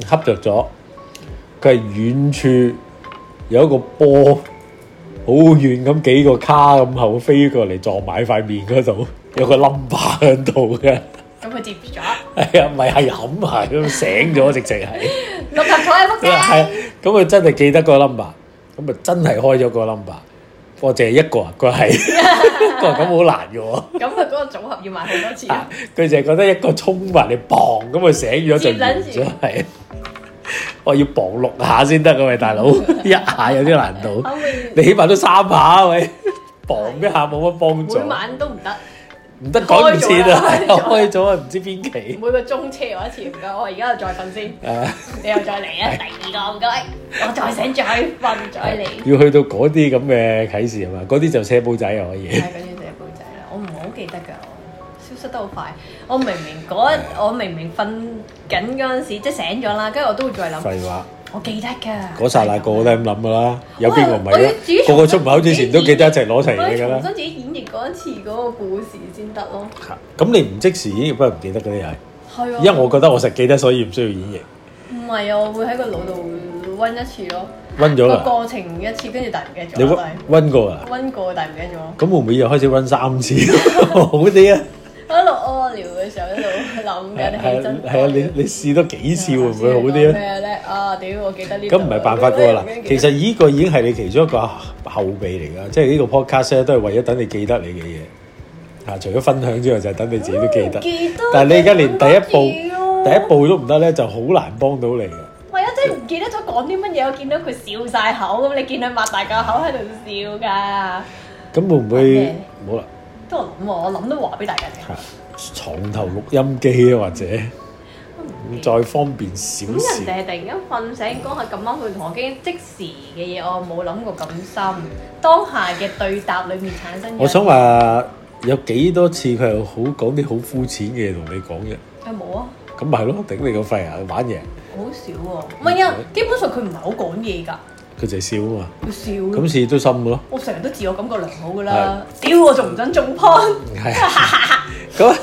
恰著咗，佢係遠處有一個波好遠咁幾個卡咁後飛過嚟撞埋塊面嗰度，有個 number 喺度嘅。咁佢接咗。係啊，唔係冚係咁醒咗直情係。六合彩係乜嘢？係咁啊！佢真係記得個 number，咁啊真係開咗個 number。我淨係一個啊，佢係。咁好難嘅喎。咁啊，嗰個組合要買好多次啊。佢淨係覺得一個沖埋你磅咁啊醒咗就係。我要磅六下先得，喂，大佬，一下有啲難度。你起碼都三下，喂，磅一下冇乜幫助。每晚都唔得。唔得講唔切啊！開咗啊，唔了知邊期。每個鐘車我一次唔該，我而家就再瞓先。你又 再嚟啊！第二個唔該， 我再醒再瞓再嚟。要去到嗰啲咁嘅啟示啊嘛，嗰啲就車煲仔啊可以。係，嗰啲車煲仔啦，我唔好記得噶，我消失得好快。我明明嗰， 我明明瞓緊嗰陣時，即係醒咗啦，跟住我都會再諗。我記得㗎，嗰剎那個個都係咁諗㗎啦，有邊個唔係咧？個個出門口之前都記得一齊攞齊嘢㗎啦。想自己演繹嗰一次嗰個故事先得咯。咁你唔即時演繹，不如唔記得嗰啲嘢。係啊，因為我覺得我實記得，所以唔需要演繹。唔係啊，我會喺個腦度溫一次咯，溫咗啦。過程一次，跟住但係唔記得咗。你溫溫過啊？溫過但係唔記得咗。咁會唔會又開始溫三次好啲啊？喺度屙尿嘅時候，一路喺度諗緊係真係啊！你你試多幾次會唔會好啲咧？咩咧？啊屌！我記得呢咁唔係辦法噶啦。其實呢個已經係你其中一個後備嚟噶，即係呢個 podcast 咧都係為咗等你記得你嘅嘢。啊！除咗分享之外，就係等你自己都記得。記得。但係你而家連第一步、第一步都唔得咧，就好難幫到你嘅。我即係唔記得咗講啲乜嘢。我見到佢笑晒口咁，你見佢擘大個口喺度笑㗎。咁會唔會冇啦？都諗我諗都話俾大家聽。床頭錄音機啊，或者再方便少少。咁人哋係突然間瞓醒講下咁啱，佢同、嗯、我傾即時嘅嘢，我冇諗過咁深。嗯、當下嘅對答裡面產生。我想話有幾多次佢又好講啲好膚淺嘅嘢同你講嘅。誒冇啊。咁咪係咯，頂你個肺啊，玩嘢。好少喎，唔係啊，基本上佢唔係好講嘢㗎。佢就係笑啊嘛，咁事都深噶咯。我成日都自我感覺良好噶啦，屌我仲唔準中 point？係，咁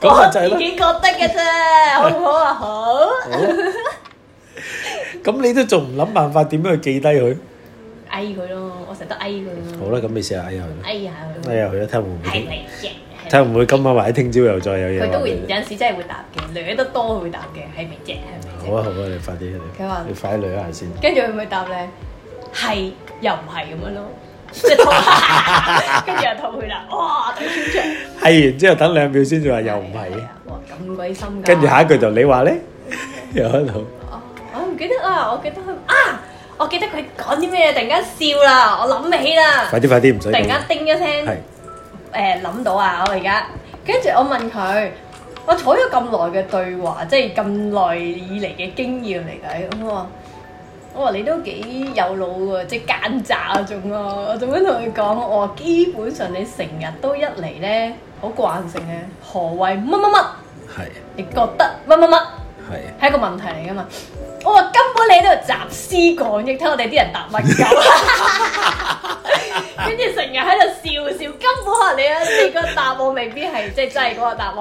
咁係我自己覺得嘅啫，好唔好啊？好。咁你都仲唔諗辦法點樣去記低佢？誒佢咯，我成日都誒佢。好啦，咁你試下誒下佢。誒下佢。誒下佢啦，睇下會唔會傾？係咪嘅？睇下會唔會今晚或者聽朝又再有嘢？佢都會有陣時真係會答嘅，累得多會答嘅，係咪啫？係咪？好啊好啊，你快啲啦！你快啲累一下先。跟住佢會答你。係又唔係咁樣咯，即係套下，跟住又套佢啦。哇，等先出。係完之後等兩秒先再話又唔係。哇，咁鬼深㗎。跟住下一句就你話咧，又喺度。哦，我唔記得啦，我記得佢啊，我記得佢講啲咩，突然間笑啦，我諗起啦。快啲快啲，唔使。突然間叮一聲。係。誒諗到啊！我而家跟住我問佢，我坐咗咁耐嘅對話，即係咁耐以嚟嘅經驗嚟計，我話。我話、哦、你都幾有腦喎，即係奸詐啊種啊，我做咩同佢講？我、哦、話基本上你成日都一嚟咧，好慣性嘅何謂乜乜乜？係是，你覺得乜乜乜？係，係一個問題嚟㗎嘛？我話根本你都係集思廣益，睇我哋啲人答乜嘢。 跟住成日喺度笑笑，根本可能你嗰啲個答案未必係 即係真係嗰個答案，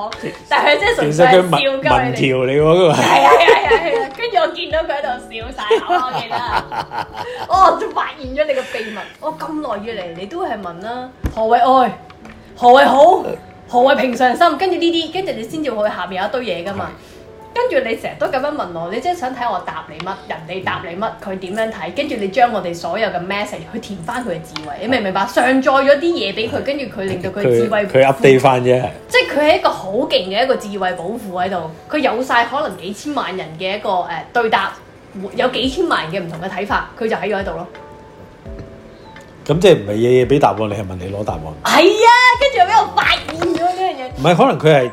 但係即係純粹笑民你嚟們喎。係係係係，跟住、 啊啊啊啊啊、我見到佢喺度笑晒， 我記得。哦，就發現咗你個秘密。我咁耐以嚟你都係問啦，何為愛？何為好？何為平常心？跟住呢啲，跟住你先至會下面有一堆嘢噶嘛。跟住你成日都咁樣問我，你真係想睇我答你乜？人哋答你乜？佢點樣睇？跟住你將我哋所有嘅 message 去填翻佢嘅智慧，你明唔明白？上載咗啲嘢俾佢，跟住佢令到佢智慧，佢 update 翻啫。即係佢係一個好勁嘅一個智慧保護喺度，佢有晒可能幾千萬人嘅一個誒、呃、對答，有幾千萬人嘅唔同嘅睇法，佢就喺咗喺度咯。咁即係唔係嘢嘢俾答案？你係問你攞答案？係啊，跟住又俾我發現咗呢樣嘢。唔係，可能佢係。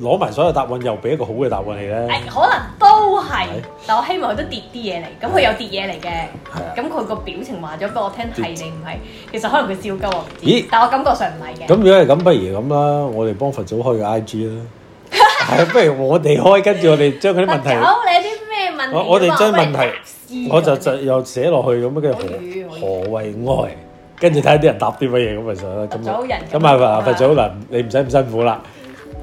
攞埋所有答案又俾一個好嘅答案你呢？誒，可能都係，但我希望佢都跌啲嘢嚟。咁佢有跌嘢嚟嘅，咁佢個表情話咗俾我聽係定唔係？其實可能佢笑鳩我唔知，但我感覺上唔係嘅。咁如果係咁，不如咁啦，我哋幫佛祖開個 IG 啦。係，不如我哋開，跟住我哋將佢啲問題，好，你啲咩問？我我哋將問題，我就就又寫落去，咁跟住何何為愛？跟住睇吓啲人答啲乜嘢咁咪就係啦。咁咁啊佛佛祖嗱，你唔使咁辛苦啦。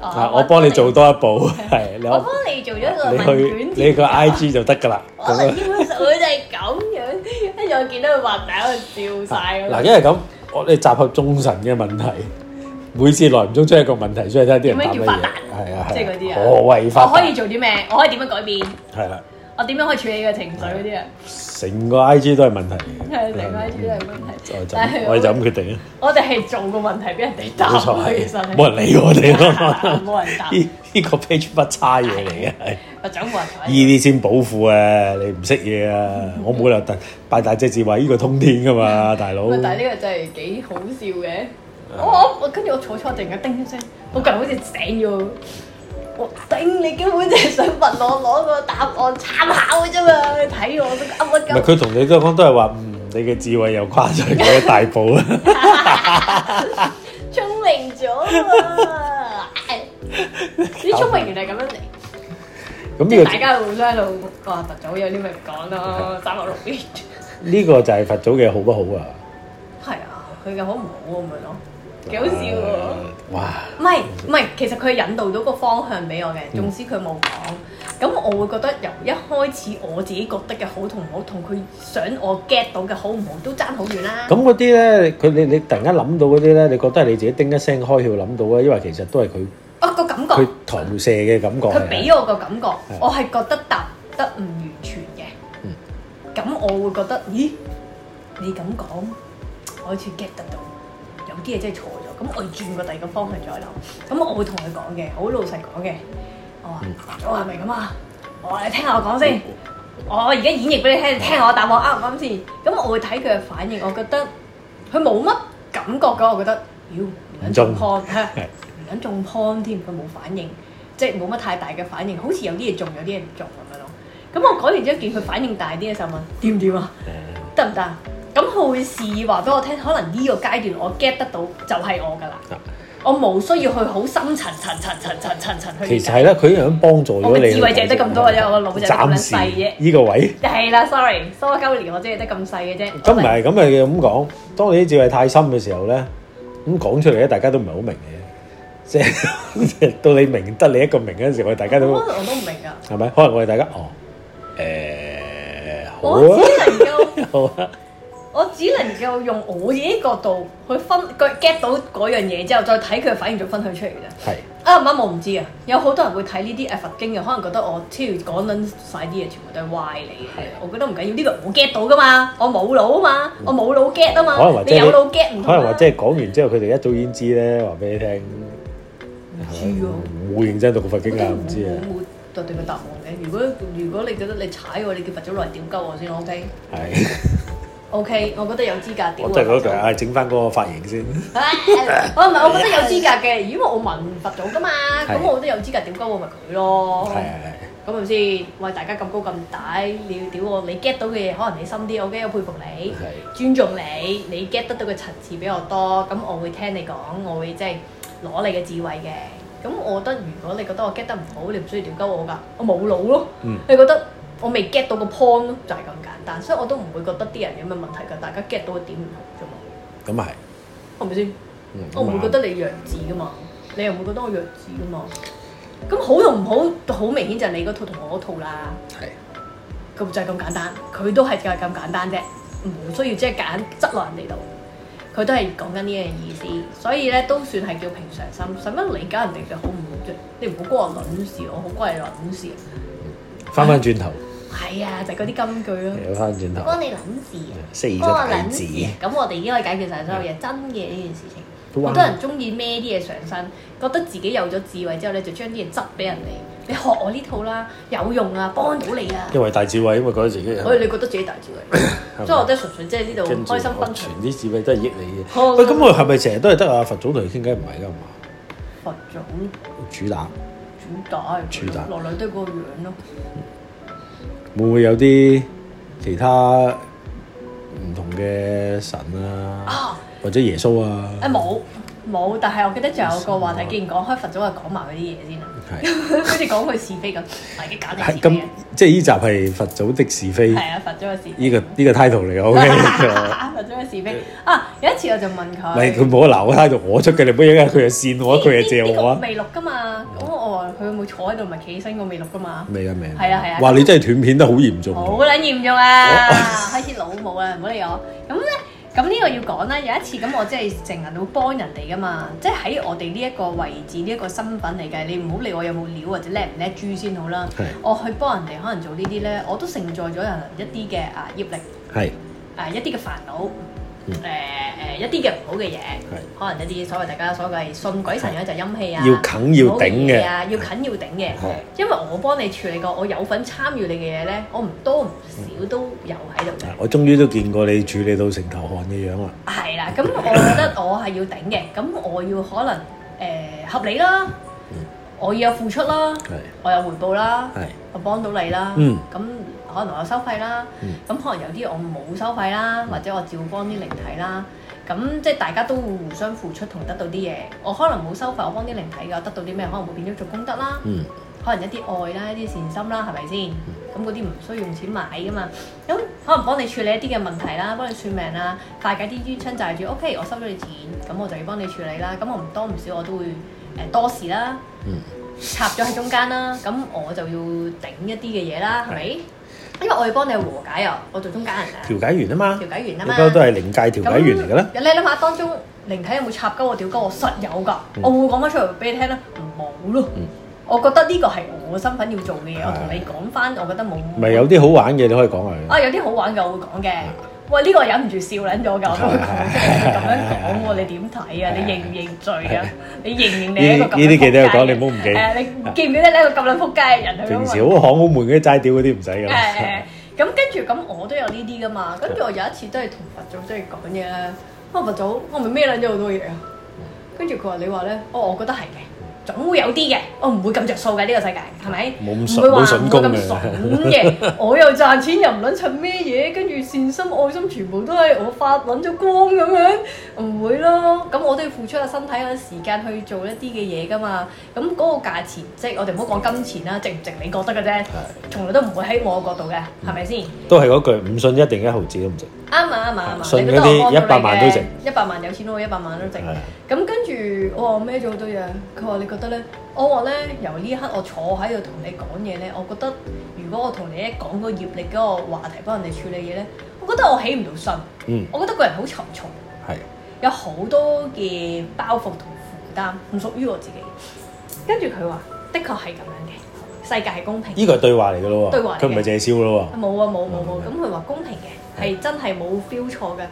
啊！我幫你做多一步，係 我幫你做咗一個問卷，你去你個 I G 就得㗎啦。我見到佢哋咁樣，跟住我見到佢畫餅喺度笑晒。嗱，因為咁，我哋集合眾神嘅問題，每次來唔中出一個問題出嚟，睇啲人講乜嘢。係啊，即係嗰啲啊。啊可我為發，我可以做啲咩？我可以點樣改變？係啦、啊。我點樣可以處理你嘅情緒嗰啲啊？成個 IG 都係問題。成個 IG 都係問題。我哋就咁決定啊！我哋係做個問題俾人哋答，其實，冇人理我哋咯，冇人答。呢依個 page 不差嘢嚟嘅，係。唔準冇人睇。依啲先保護啊！你唔識嘢啊！我冇理由大拜大隻字話呢個通天㗎嘛，大佬。但係呢個真係幾好笑嘅，我我跟住我坐坐，突然間叮一聲，我覺得好似醒咗。頂，你根本就係想問我攞個答案參考嘅啫嘛，睇我都噉噉，唔係，佢同你講都係話你嘅智慧有跨出咗一大步啦，聰明咗啦，誒呢聰明就係噉樣嚟。咁呢大家互相都話佛祖有啲咪講咯，三六六年呢個就係佛祖嘅好不好啊？係呀，佢嘅好唔好噉樣咯。幾好笑喎！哇，唔係唔係，其實佢引導到個方向俾我嘅，縱使佢冇講，咁我會覺得由一開始我自己覺得嘅好同唔好，同佢想我 get 到嘅好唔好都爭好遠啦。咁嗰啲咧，佢你你突然間諗到嗰啲咧，你覺得係你自己叮一聲開竅諗到啊？因為其實都係佢，啊個感覺，佢投射嘅感覺，佢俾我個感覺，我係覺得答得唔完全嘅。嗯，咁我會覺得，咦？你咁講，我好似 get 得到，有啲嘢真係錯。咁我轉個第二個方向再諗，咁我會同佢講嘅，好老實講嘅，我話我話明啊嘛，我話、哎哦、你聽下我講先，我而家演繹俾你聽，你聽我答案啱唔啱先？咁我會睇佢嘅反應，我覺得佢冇乜感覺嘅，我覺得，咦，唔想中 pon，係唔想中 pon 添，佢、啊、冇、啊、反應，即係冇乜太大嘅反應，好似有啲嘢中，有啲嘢唔做。咁樣咯。咁我講完之後見佢反應大啲嘅時候問，掂唔掂啊？得唔得？行咁佢會示意話俾我聽，可能呢個階段我 get 得到就係我噶啦，我冇需要去好深層層層層層層層去。其實咧，佢想幫助咗你。智慧只得咁多嘅啫，我腦就咁細啫。呢個位係啦，sorry，s 蘇阿鳩年我真係得咁細嘅啫。咁唔係咁咪咁講，當你啲智慧太深嘅時候咧，咁講出嚟咧，大家都唔係好明嘅，即係到你明得你一個明嗰陣時，我哋大家都我都唔明啊。係咪？可能我哋大家哦，誒好啊，好啊。我只能夠用我自己角度去分 get 到嗰樣嘢之後，再睇佢反應再分享出嚟啫。係是啊，唔啱我唔知啊。有好多人會睇呢啲誒佛經嘅，可能覺得我超講撚曬啲嘢，全部都係歪理嚟嘅。的我覺得唔緊要，呢、這個我 get 到噶嘛，我冇腦啊嘛，我冇腦 get 啊嘛。你有腦 get 唔到？可能話即係講完之後，佢哋一早已經知咧，話俾你聽。唔知喎、啊，唔會、啊、認真讀過佛經啊，唔知啊。就對個答案嘅。如果如果你覺得你踩，你踩，踩我，你叫佛祖來點鳩我先，O K？係。Okay? 的 O、okay, K，我覺得有資格屌我就一。就係嗰句，唉，整翻嗰個髮型先。我唔係，我覺得有資格嘅，如果我問佛祖噶嘛，咁的我都有資格屌鳩我咪佢咯。係係係。咁咪先？話大家咁高咁大，你要屌我，你 get 到嘅嘢可能你深啲，okay? 我梗係佩服你，的尊重你，你 get 得到嘅層次比我多，咁我會聽你講，我會即係攞你嘅智慧嘅。咁我覺得如果你覺得我 get 得唔好，你唔需要屌鳩我噶，我冇腦咯。嗯、你覺得我未 get 到個 point 咯，就係咁解。所以我都唔會覺得啲人有咩問題㗎，大家 get 到一點唔同啫嘛。咁啊係，係咪先吧？嗯、我唔會覺得你弱智㗎嘛，嗯、你又唔會覺得我弱智㗎嘛。咁好同唔好，好明顯就係你嗰套同我嗰套啦。係的。佢就係咁簡單，佢都係就係咁簡單啫，唔需要即係揀質落人哋度。佢都係講緊呢樣意思，所以咧都算係叫平常心。使乜理搞人哋嘅好唔好啫？你唔好關我卵事，我好關你卵事。翻翻轉頭唉。係啊，就係嗰啲金句咯，幫你諗字，幫我諗字。咁我哋已經可以解決晒所有嘢，真嘅呢件事情。好多人中意孭啲嘢上身，覺得自己有咗智慧之後咧，就將啲嘢執俾人哋。你學我呢套啦，有用啊，幫到你啊。因為大智慧，因為覺得自己，所以你覺得自己大智慧，所以我覺得純粹即係呢度開心分享。全啲智慧都係益你嘅。喂，咁我係咪成日都係得啊，佛祖同你傾偈？唔係㗎嘛？佛祖，主打，主打，來來都係嗰個樣咯。會唔會有啲其他唔同嘅神啊？啊，或者耶穌啊？誒冇，冇，但係我記得仲有個話題，啊，既然講開佛祖就講埋嗰啲嘢先啦。佢哋講佢是非咁，突然間搞定自即係依集係佛祖的是非。係啊，佛祖嘅是。依、這個呢、這個 title 嚟嘅，OK。 佛祖嘅是非啊！有一次我就問佢。唔係佢冇留喺度，我出嘅，你乜嘢？佢又扇我，佢又謝我未錄㗎嘛？咁我話佢有冇坐喺度咪企身？我未錄㗎嘛。未啊，未。係啊，係啊。話你真係斷片得好嚴重。好撚嚴重啊！開始腦霧啊！唔好理我。咁咧。咁呢個要講啦，有一次咁，我即係成日會幫人哋噶嘛，即係喺我哋呢一個位置、呢、呢、一個身份嚟嘅，你唔好理我有冇料或者叻唔叻豬先好啦。是我去幫人哋，可能做呢啲呢，我都承載咗人一啲嘅啊業力，係是、啊、一啲嘅煩惱。誒誒一啲嘅唔好嘅嘢，可能一啲所謂大家所謂信鬼神嘅就陰氣啊，要啃要頂嘅，要啃要頂嘅，因為我幫你處理過，我有份參與你嘅嘢咧，我唔多唔少都有喺度。我終於都見過你處理到成頭汗嘅樣啦。係啦，咁我覺得我係要頂嘅，咁我要可能誒合理啦，我要有付出啦，我有回報啦，我幫到你啦，咁。可能我有收費啦，咁、嗯、可能有啲我冇收費啦，嗯、或者我照幫啲靈體啦，咁、嗯、即係大家都會互相付出同得到啲嘢。我可能冇收費，我幫啲靈體㗎，我得到啲咩？可能會變咗做功德啦，嗯、可能一啲愛啦、一啲善心啦，係咪先？咁嗰啲唔需要用錢買㗎嘛。咁可能幫你處理一啲嘅問題啦，幫你算命啦，化解啲冤親債主。嗯、OK，我收咗你錢，咁我就要幫你處理啦。咁我唔多唔少，我都會誒多事啦，嗯、插咗喺中間啦，咁我就要頂一啲嘅嘢啦，係咪？因為我要幫你和解啊，我做中間人啊。調解員啊嘛，調解員啊嘛，應該都係靈界調解員嚟嘅啦。你諗下，當中靈體有冇插鳩我屌鳩我室友㗎？我、嗯、我會講翻出嚟俾你聽啦，冇咯。嗯、我覺得呢個係我身份要做嘅嘢，的我同你講翻，我覺得冇。咪有啲好玩嘅你可以講嚟。啊，有啲好玩嘅，我會講嘅。喂，呢個忍唔住笑撚咗㗎，我都講真係咁樣講喎，你點睇啊？你認唔認罪啊？你認唔認你係一個撲撲街？呢啲記得要講，你唔好唔記得。誒，你記唔記得呢個咁撚仆街嘅人？平時好巷好悶嗰啲齋屌嗰啲唔使㗎。誒，咁跟住咁我都有呢啲㗎嘛。跟住我有一次都係同佛祖都係講嘢啦。我話佛祖，我咪孭撚咗好多嘢啊。跟住佢話：你話咧，我覺得係嘅。總會有啲嘅，我唔會咁着數嘅呢個世界，係咪？冇咁筍，冇咁爽嘅，我又賺錢又唔捻襯咩嘢，跟住善心愛心全部都係我發揾咗光咁樣，唔會咯。咁我都要付出下身體啊時間去做一啲嘅嘢㗎嘛。咁嗰個價錢，即係我哋唔好講金錢啦，值唔值你覺得嘅啫？係，從來都唔會喺我角度嘅，係咪先？都係嗰句，唔信一定一毫子都唔值。啱啊啱啊啱啊！信啲一百萬都值，一百萬有錢攞一百萬都值。係。咁跟住我孭咗好多嘢，佢話你得咧，我話咧由呢刻我坐喺度同你講嘢咧，我覺得如果我同你一講個業力嗰個話題幫人哋處理嘢咧，我覺得我起唔到身，嗯，我覺得個人好沉重，係的，有好多嘅包袱同負擔唔屬於我自己。跟住佢話的確係咁樣嘅，世界係公平。呢個係對話嚟噶咯，對話佢唔係借笑咯，冇啊冇、冇、冇，咁佢話公平嘅係真係冇 feel 錯嘅。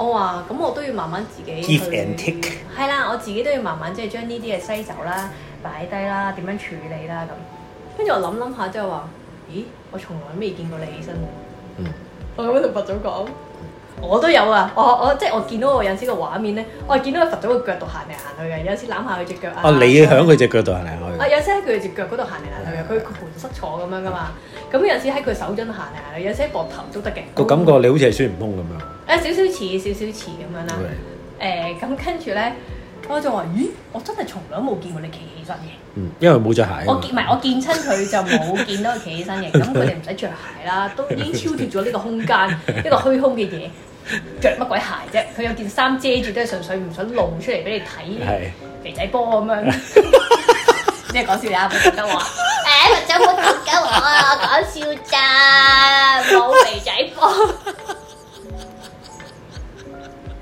我話咁物，我都要慢慢自己去係啦，我自己都要慢慢即係將呢啲嘢篩走啦，擺低啦，點樣處理啦咁。跟住我諗諗下，即係話，咦，我從來未見過你起身喎。我喺度同佛祖講，我都有啊。我我即係我見到我有時個畫面咧，我見到佛祖個腳度行嚟行去嘅，有時攬下佢隻腳。啊，你響佢隻腳度行嚟行去。啊，有時喺佢隻腳嗰度行嚟行去嘅，佢佢盤膝坐咁樣噶嘛。咁有時喺佢手掌行嚟行去，有時喺膊頭都得嘅。個感覺你好似係孫悟空咁樣。有少少似，少少似咁樣啦。誒咁跟住咧，我就話咦，我真係從來冇見過你企起身嘅，啊。嗯，因為冇著鞋。我見唔係我見親佢就冇見到佢企起身嘅。咁佢哋唔使着鞋啦，都已經超脫咗呢個空間，一個虛空嘅嘢。着乜鬼鞋啫？佢有件衫遮住，都係純粹唔想露出嚟俾你睇。是肥仔波咁樣，即係講笑啊！ 唔得我誒，唔好唔得我講笑咋，冇肥仔波。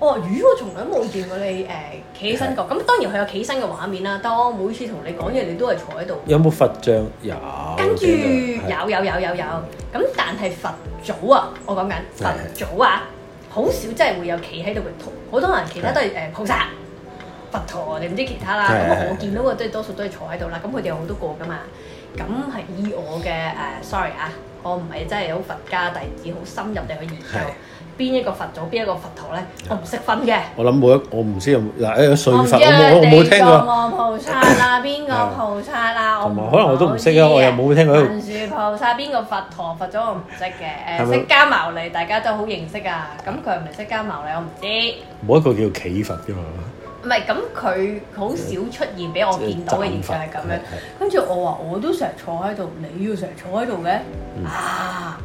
我、哦、魚我從來冇見過你誒企、呃、起身過，咁的當然佢有企身嘅畫面啦。但我每次同你講嘢，你都係坐喺度。有冇佛像？有。跟住有有有有有，咁但係佛，佛祖啊，我講緊佛祖啊，好少真係會有企喺度嘅圖。好多人其他都係誒菩薩、佛陀，你唔知其他啦。咁的我見到嘅都多數都係坐喺度啦。咁佢哋有好多個噶嘛。咁係以我嘅誒、呃，sorry 啊，我唔係真係好佛家弟子，好深入地去研究。的邊一個佛祖，邊一個佛陀咧？我唔識分嘅。我諗冇一，我唔知有嗱一啲佛，我冇聽過。地藏王菩薩啦，邊個菩薩啦？同埋可能我都唔識啊！我又冇聽過。文殊菩薩邊個佛陀佛祖，我唔識嘅。誒，釋迦牟尼大家都好認識啊，咁佢係咪釋迦牟尼，我唔知。冇一個叫企佛㗎嘛？唔係，咁佢好少出現俾我見到嘅形象係咁樣。跟住我話我都成日坐喺度，你要成日坐喺度嘅啊！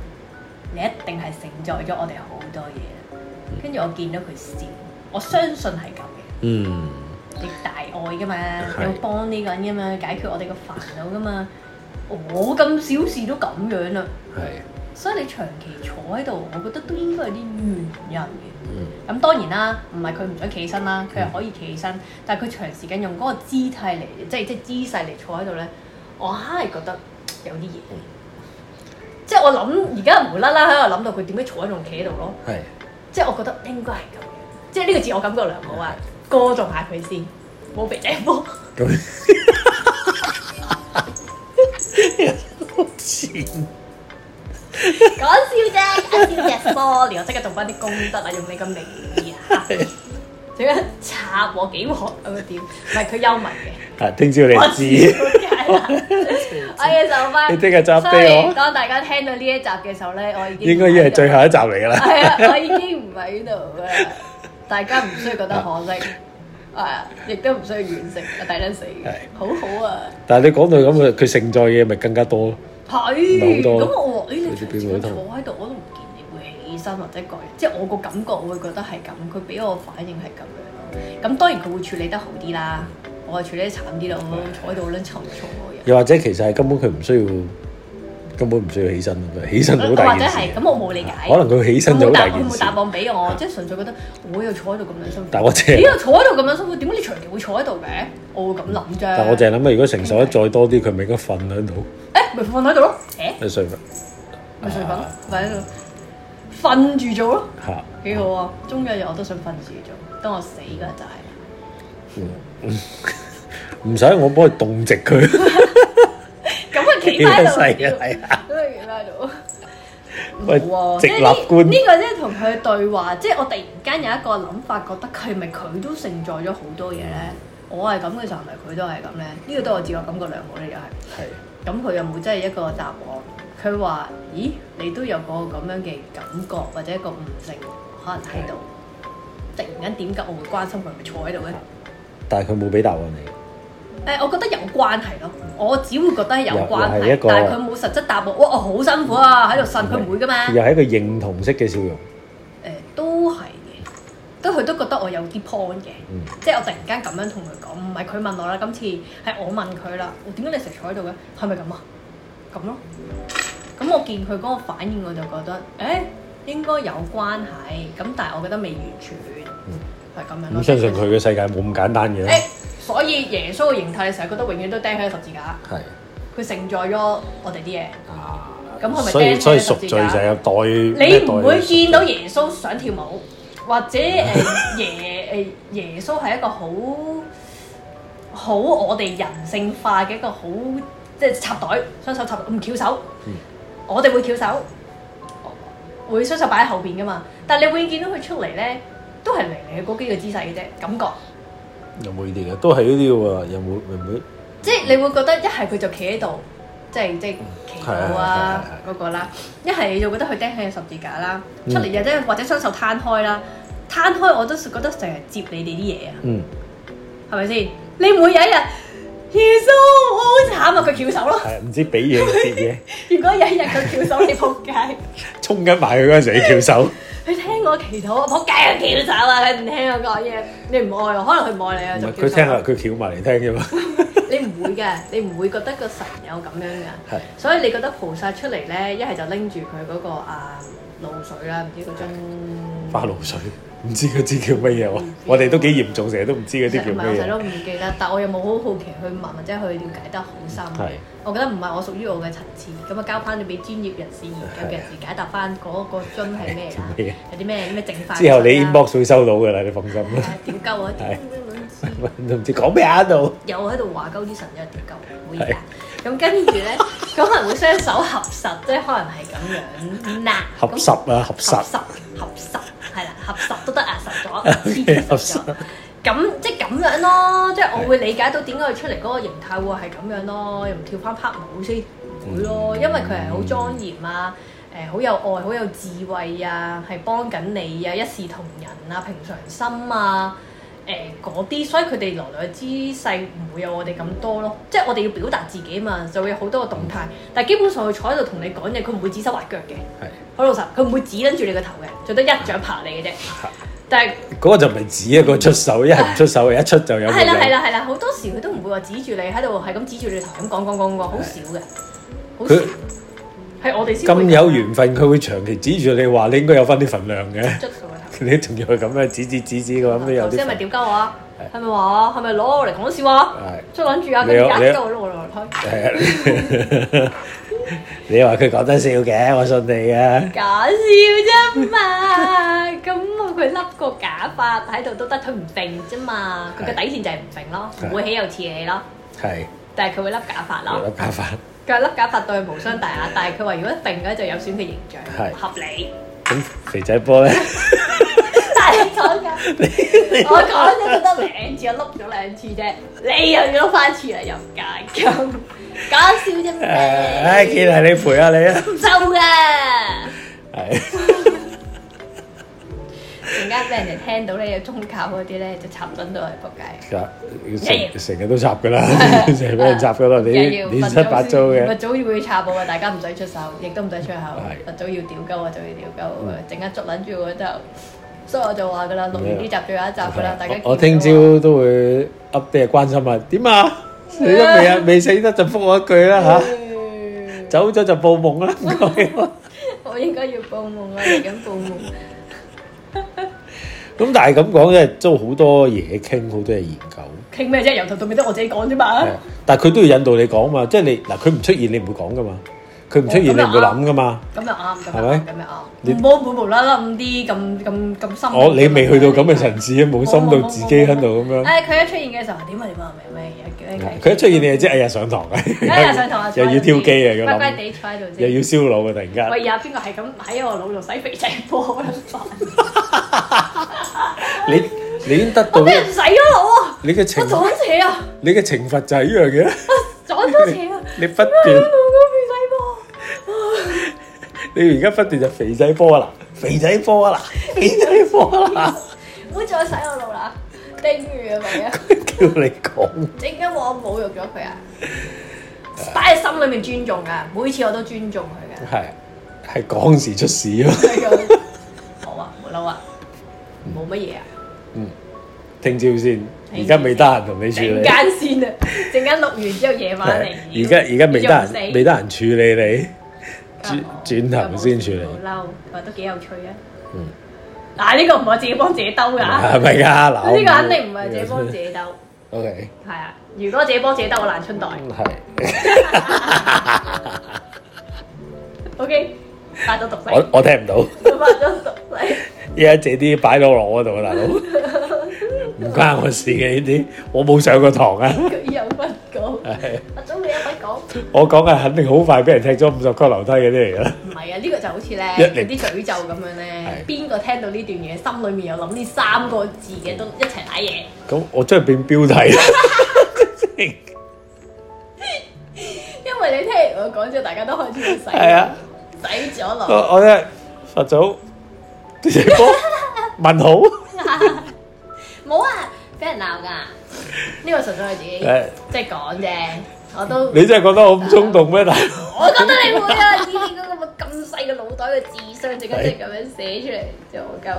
你一定係承載咗我哋好多嘢，跟住我見到佢笑，我相信係咁嘅。嗯，你大愛噶嘛，是有幫呢個人噶嘛，解決我哋嘅煩惱噶嘛。我咁小事都咁樣啦，係是。所以你長期坐喺度，我覺得都應該有啲原因嘅。嗯。咁當然啦，唔係佢唔想起身啦，佢係可以企起身，嗯、但係佢長時間用嗰個姿態嚟，即係即係姿勢嚟坐喺度咧，我係覺得有啲嘢。嗯。即係我諗是，而家唔會甩啦，喺度諗到佢點解坐喺度企喺度咯。即係我覺得應該係咁。即係呢個自我感覺良好啊，歌仲係佢先，冇俾借波。咁這樣， 講、啊、笑啫，阿小日波，你我即刻做翻啲功德啊，用你嘅名義啊。點解插我幾好？點？唔係佢幽默嘅。係聽朝你知。我要走翻。你即刻插低我。當大家聽到呢一集嘅時候咧，我已經應該已係最後一集嚟噶啦。係啊，我已經唔喺度啦。大家唔需要覺得可惜，係亦都唔需要惋惜，我抵得死。係，好好啊。但係你講到咁嘅，佢承載嘢咪更加多咯。係。咁我呢段時間我喺度，我都唔記得。生或者個即係我個感覺，我會覺得係咁。佢俾我反應係咁樣，咁當然佢會處理得好啲啦。我係處理得慘啲咯，坐喺度亂嘈嘈。又或者其實係根本佢唔需要，根本唔需要起身，起身做大件事，或者係，咁我冇理解。啊、可能佢起身做大件事打榜俾我，啊、即係純粹覺得我又坐喺度咁樣辛苦。但係我正、就、咦、是？你坐喺度咁樣辛苦，點解你長期會坐喺度嘅？我會咁諗啫。但我淨係諗如果承受得再多啲，佢咪應該瞓喺度。誒咪瞓喺度咯。誒咪睡瞓咪、欸啊、睡瞓，瞓喺度。瞓住做咯，嚇幾、啊、好啊！終有日我都想瞓住做，當我死噶就係。唔使、嗯嗯、我幫佢凍直佢。咁啊，企、這個這個、喺度啊，係啊。咁啊，企喺度唔喎。直立觀呢個即係同佢對話，即係我突然間有一個諗法，覺得係咪佢都承載咗好多嘢咧？我係咁嘅時候，係咪佢都係咁咧？呢、這個都我自我感覺良好咧，又係。係是。咁佢又冇真係一個答案？佢話：咦，你都有個咁樣嘅感覺或者一個悟性，可能喺度。突然間點解我會關心佢坐喺度咧？但係佢冇俾答案你。誒，我覺得有關係咯。我只會覺得有關係，但係佢冇實質答我。哇，我好辛苦啊，喺度呻。佢唔會噶嘛。又係一個認同式嘅笑容。誒，都係嘅。都佢都覺得我有啲 point 嘅，即係我突然間咁樣同佢講。唔係佢問我啦，今次係我問佢啦。點解你成日坐喺度嘅？係咪咁啊？咁咯。咁我見佢嗰個反應，我就覺得，誒、欸、應該有關係。咁但係我覺得未完全係咁、嗯、樣咯。咁相信佢嘅世界冇咁簡單嘅、欸。所以耶穌嘅形態，你成日覺得永遠都釘喺個十字架。係是。佢承載咗我哋啲嘢。啊。咁佢咪所以釘喺個十字架。你唔會見到耶穌想跳舞，或者誒耶誒 耶穌係一個好好我哋人性化嘅一個好，即係插袋，雙手插，唔翹手。嗯。我哋會翹手，會雙手擺喺後邊噶嘛？但係你會見到佢出嚟咧，都係嚟嚟嗰幾個姿勢嘅啫，感覺。有冇依啲嘅，都係呢啲喎。有冇會唔會？有有即係你會覺得一係佢就企喺度，即係即係企好啊嗰、嗯嗯、個啦；一係你就覺得佢釘起個十字架啦，出嚟又即或者雙手攤開啦，攤開我都覺得成日接你哋啲嘢啊。嗯，係咪先？你每日一日。耶穌好慘啊！佢翹手咯，係啊，唔知俾嘢唔接嘢。如果有一日佢翹手你仆街，衝緊埋去嗰陣時你翹手，佢聽我祈禱，仆街又翹手啦！你唔聽我講嘢，你唔愛我，可能佢唔愛你啊！唔係佢聽下佢翹埋嚟聽啫嘛。你唔會嘅，你唔會覺得個神有咁樣嘅。係，所以你覺得菩薩出嚟咧，一係就拎住佢嗰個啊露水啦，唔知嗰樽花露水。唔知嗰啲叫乜嘢喎？我哋都幾嚴重，成日都唔知嗰啲叫乜嘢。唔記得，但我又冇好好奇去問或者去瞭解得好深？係。我覺得唔係我屬於我嘅層次，咁啊交翻你俾專業人士、研究人士解答翻嗰個樽係咩啦？有啲咩咩淨化。之後你 inbox 會收到㗎啦，你放心。點救啊？都唔知講咩喺度。又喺度話鳩啲神藥救，冇嘢。咁跟住咧，可能會雙手合十，即係可能係咁樣嗱。合十啊！合十。合十。係啦，合十都。咁即係咁樣咯，即係我會理解到點解佢出嚟嗰個形態會係咁樣咯，又唔跳翻拍舞先唔會咯，因為佢係好莊嚴啊，誒好、嗯呃、有愛、好有智慧啊，係幫緊你啊，一視同仁啊，平常心啊，誒嗰啲，所以佢哋來來嘅姿勢唔會有我哋咁多咯，即係我哋要表達自己嘛，就會有好多個動態，但係基本上佢坐喺度同你講嘢，佢唔會指手畫腳嘅，係好是的 老實，佢唔會指拎住你個頭嘅，就得一掌拍你嘅啫。但係嗰個就唔係指啊！嗰、那個、出手一係唔出手 一出就有，有。係啦係啦係啦，好多時佢都唔會話指住你喺度，係咁指住你頭咁講講講講，好的少嘅。佢係它我哋咁有緣分，佢會長期指住你話，你應該有返啲份量嘅。 你仲要佢咁樣，指指指指咁樣有啲頭先咪點交我？係咪話？係咪攞我嚟講笑啊？即係諗住啊，跟住夾咗我碌落嚟推。你話佢講真笑嘅，我信你啊！假笑啫嘛，咁我佢笠個假髮喺度都得，佢唔定啫嘛。佢嘅底線就係唔定咯，唔會起又似起咯。係。但係佢會笠假髮咯，笠假髮。佢係笠假髮對佢無傷大雅，但係佢話如果定嘅話就有損佢形象，合理。咁肥仔波。我講咗得兩次，碌咗兩次啫，你又要碌翻次啊？又唔介意，搞笑啫咩？唉，見係你賠啊你啊，唔收噶。係，陣間俾人哋聽到咧，要宗教嗰啲咧，就插真都係仆街。係，成成日都插噶啦，成日俾人插噶啦，啲亂七八糟嘅。我早要會插冇啊，大家唔使出手，亦都唔使出口。我早要屌鳩啊，就要屌鳩啊，陣間捉撚住我。所以我就話噶啦，錄完呢集仲有一集噶啦，大家我聽朝都會 update 關心下點啊？死都未啊？未死得就覆我一句啦嚇！走咗就報夢啦，唔該。我應該要報夢啊，嚟緊報夢。咁但係咁講即係，都好多嘢傾，好多嘢研究。傾咩啫？由頭到尾都我自己講啫嘛。但係佢都要引導你講嘛，即係你嗱佢唔出現，你唔會講噶嘛。佢唔出現你唔會諗㗎嘛？咁又啱，係咪？咁又啱。你唔好無啦啦咁啲咁咁咁深。我你未去到咁嘅層次，冇深到自己喺度咁樣。誒，佢一出現嘅時候點啊？你話明咩嘢叫？佢一出現嘅嘢即係哎呀上堂啊！哎呀上堂啊！又要跳機啊！乖乖地坐喺度。又要燒腦啊！突然間。喂呀！邊個係咁喺我腦度洗肥仔波啊？你你已經得到咩？洗咗腦啊！你嘅情我盞車啊！你嘅懲罰就係呢樣嘢。我盞咗車啊！你不斷。你而家不斷就肥仔波啦，肥仔波啦，肥仔波啦，唔好、哎、呀再洗我腦啦，定住啊！叫你講，陣間 我侮辱咗佢啊？Uh, 擺喺心裏面尊重噶，每次我都尊重佢嘅，係係講時出事啊！好啊，冇嬲啊，冇乜嘢啊。嗯，聽朝先，而家未得閒同你處理。陣間先啊，陣間錄完之後夜晚嚟。而家而家未得閒，未得閒處理你。轉轉頭先出嚟，好嬲，但都幾有趣啊。嗯，嗱，呢個唔係自己幫自己兜噶，唔係噶，大佬，呢個肯定唔係自己幫自己兜。OK，係啊，如果自己幫自己兜，我爛春袋。係。OK，發咗毒誓。我我聽唔到。發咗毒誓。依家借啲擺到落我度啊，大佬。唔關我事嘅呢啲，我冇上過堂啊！佢有乜講，佛祖你有乜講，我講嘅肯定好快俾人踢咗五十級樓梯嘅啲嚟啦。唔係啊，呢個就好似咧啲詛咒咁樣咧，邊個聽到呢段嘢，心裏面有諗呢三個字嘅都一齊打嘢。咁我真係變標題啦，因為你聽我講咗，大家都開始使，係啊，使咗咯。我咧佛祖啲大哥問好。冇啊，俾人鬧㗎，呢、這個純粹係自己 即係講啫，我都你真係覺得好衝動咩？但 我覺得你會啊，依啲咁咁細嘅腦袋嘅智商，而家即係咁樣寫出嚟就夠。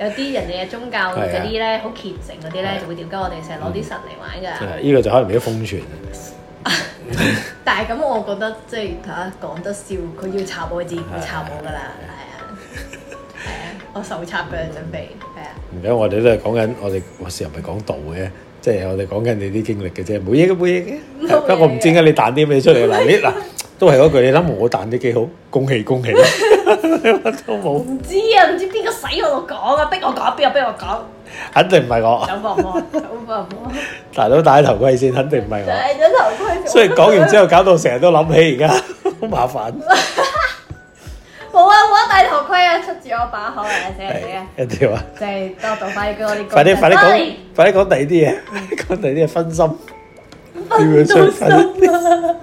有啲人哋嘅宗教嗰啲咧，好虔誠嗰啲咧，就會點解我哋成日攞啲神嚟玩㗎？呢、嗯這個就可能俾封存。 但係咁，我覺得即係嚇講得笑，佢要插我，自己，插我㗎啦。我手冊畀佢準備，係、嗯、啊。唔緊，我哋都係講緊，就是、我哋嗰時候唔係講道嘅，即係我哋講緊你啲經歷嘅啫，背影嘅背影。得行我唔知點解你彈啲咩出嚟嗱，嗱 都係嗰句，你諗我彈啲幾好？恭喜恭喜。 都冇。唔知啊，唔知邊個使我度講啊，逼我講，逼我逼我講。我講肯定唔係我。大佬戴頭盔先，肯定唔係我。戴咗頭盔。所以講完之後，搞到成日都諗起而家， 好麻煩。我啊，我戴頭盔啊，出自我把口嚟先嚟嘅。人哋話就係多道快啲講，快啲快啲講，快啲講第二啲嘢，講第二啲嘢分心，叫佢出神啊！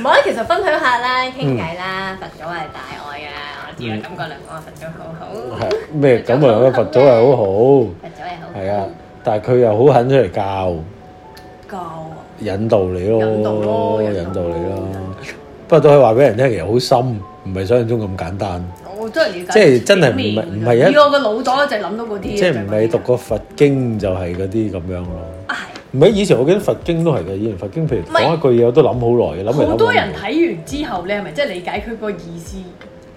唔好啊，其實分享下啦，傾偈啦，佛祖係大愛啊，我只有感覺兩個啊，佛祖好好。咩感覺兩個？佛祖係好好，佛祖係好，係啊，但係佢又好肯出嚟教教引導你咯，引導咯，引導你啦。不過都係話俾人聽，其實好深，唔係想象中咁簡單。我真係理解，即係真係唔係唔係啊！以我個腦袋就係諗到嗰啲。即係唔係讀個佛經就係嗰啲咁樣咯？唔係以前我記得佛經都係嘅，以前佛經譬如講一句嘢，我都諗好耐嘅，諗好多人睇完之後，你係咪即係理解佢個意思？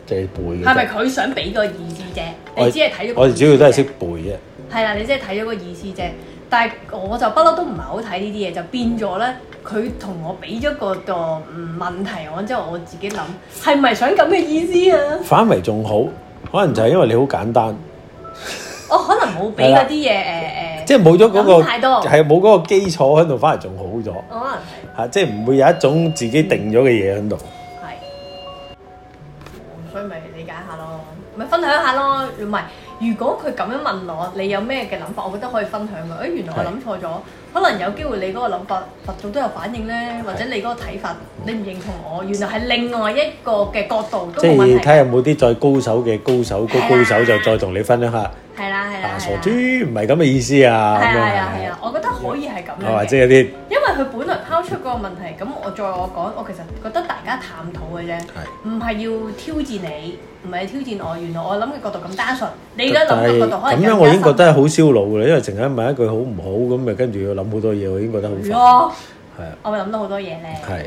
即係背。係咪佢想俾個意思啫？你只係睇咗，我哋主要都係識背啫。係啦，你即係睇咗個意思啫，但係我就不嬲都唔係好睇呢啲嘢，就變咗咧。佢同我俾咗個個問題，我之後我自己諗係咪想咁嘅意思啊？反為仲好，可能就係因為你好簡單，我、 哦、可能冇俾嗰啲嘢誒誒，即係冇咗嗰個太多，係冇嗰個基礎喺度，反而仲好咗。可能係嚇，即係唔會有一種自己定咗嘅嘢喺度。係，所以咪理解下咯，咪分享下咯，唔係。如果佢咁樣問我，你有咩嘅諗法？我覺得可以分享嘅。誒，原來我諗錯咗，可能有機會你嗰個諗法佛祖都有反應咧，或者你嗰個睇法你唔認同我，原來係另外一個嘅角度都冇問題。即係睇下有冇啲再高手嘅高手高高手就再同你分享下。係啦係啦係啊！傻豬唔係咁嘅意思啊！係啊係啊！我覺得可以係咁樣。係咪即係啲？因為佢本來拋出嗰個問題，咁我再我講，我其實覺得。而家探討嘅啫，唔係要挑戰你，唔係挑戰我。原來我諗嘅角度咁單純，你而家諗嘅角度可能更加深。咁樣我已經覺得好燒腦嘅，因為成日問一句好唔好，咁咪跟住要諗好多嘢。我已經覺得好煩。係啊，我咪諗到好多嘢咧。係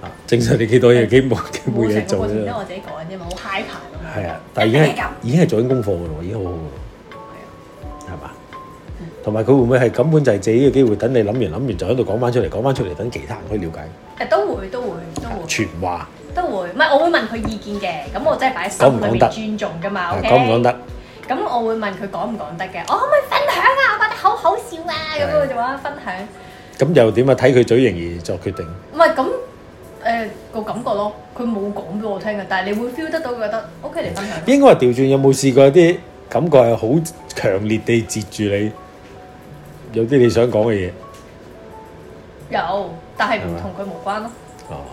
啊，正常你幾多嘢？幾冇幾冇嘢做啫。冇我自己講啫嘛，好嗨棚。係啊，但係已經係已經係做緊功課嘅啦，已經好好。同埋佢會唔會係根本就係借呢個機會等你諗完，諗完就喺度講翻出嚟，講翻出嚟，等其他人可以了解誒？都會都會都會傳話，都會唔係我會問佢意見嘅，咁我真係擺喺心裏邊尊重㗎嘛？OK？講唔講得？咁我會問佢講唔講得嘅？我可唔可以分享啊？我覺得好好笑啊！咁佢就話分享咁又點啊？睇佢嘴型而作決定唔係咁，誒，個感覺咯。佢冇講俾我聽嘅，但係你會 feel 得到佢覺得 OK 嚟分享。應該話調轉，有冇試過一啲感覺係好強烈地截住你？有啲你想講嘅嘢，有，但係唔同佢無關咯。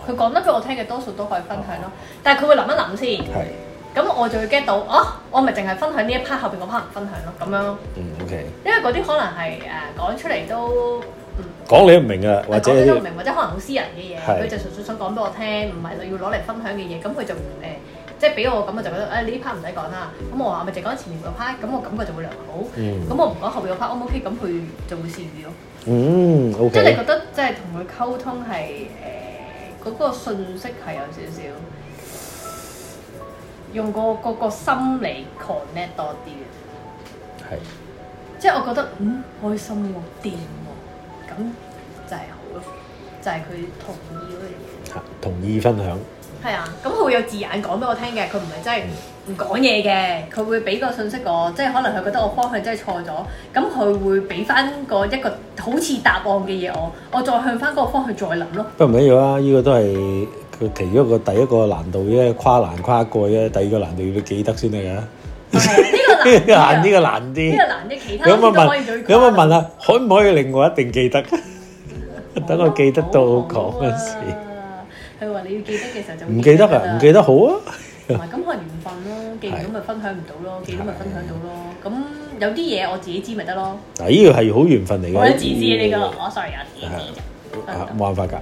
佢講得俾我聽嘅多數都可以分享咯，哦、但係佢會諗一諗先。係是，咁我就會 get 到，哦、啊，我咪淨係分享呢一 part 後邊嗰 part 唔分享咯，咁樣。嗯，OK。因為嗰啲可能係誒講出嚟都，講、嗯、你唔明啊，或者是你都唔明，或者可能好私人嘅嘢，佢是就純粹想講俾我聽，唔係要攞嚟分享嘅嘢，咁佢就誒。即係俾我咁啊，就覺得誒呢 part 唔使講啦。咁、哎嗯嗯、我話咪就講前面個 part，咁我感覺就會良好。咁我唔講後面個 part，O 唔 O K？咁佢就會善啲咯。嗯、okay。即係你覺得即係同佢溝通係誒嗰個信息係有少少用個個個心理 connect 多啲嘅。係是。即係我覺得嗯開心喎掂喎，咁、啊、就係好咯、啊，就係、是、佢同意嗰樣嘢。同意分享。係啊，咁、嗯、佢會有字眼講俾我聽嘅，佢唔係真係唔講嘢嘅，佢會俾個信息我，即係可能佢覺得我方向真係錯咗，咁佢會俾翻個一個好似答案嘅嘢我，我再向翻嗰個方向再諗咯。不過唔緊要啊，呢、這個都係佢其中一個第一個難度啫，跨難跨過啫，第二個難度要記得先得噶。呢 個難啲，呢 個難啲，呢 個難啲，其他都可以再講。咁咪問，問，咁咪問下，可唔可以令我一定記得？等 我記得到講嗰陣時。佢話你要記得嘅時候就唔記得啦，唔記得好啊。咁可能緣分咯，既然咁咪分享唔到咯，既然咁咪分享到咯。咁有啲嘢我自己知咪得咯。嗱，呢個係好緣分嚟嘅，我都自私啊呢個，我 sorry 啊，冇辦法㗎。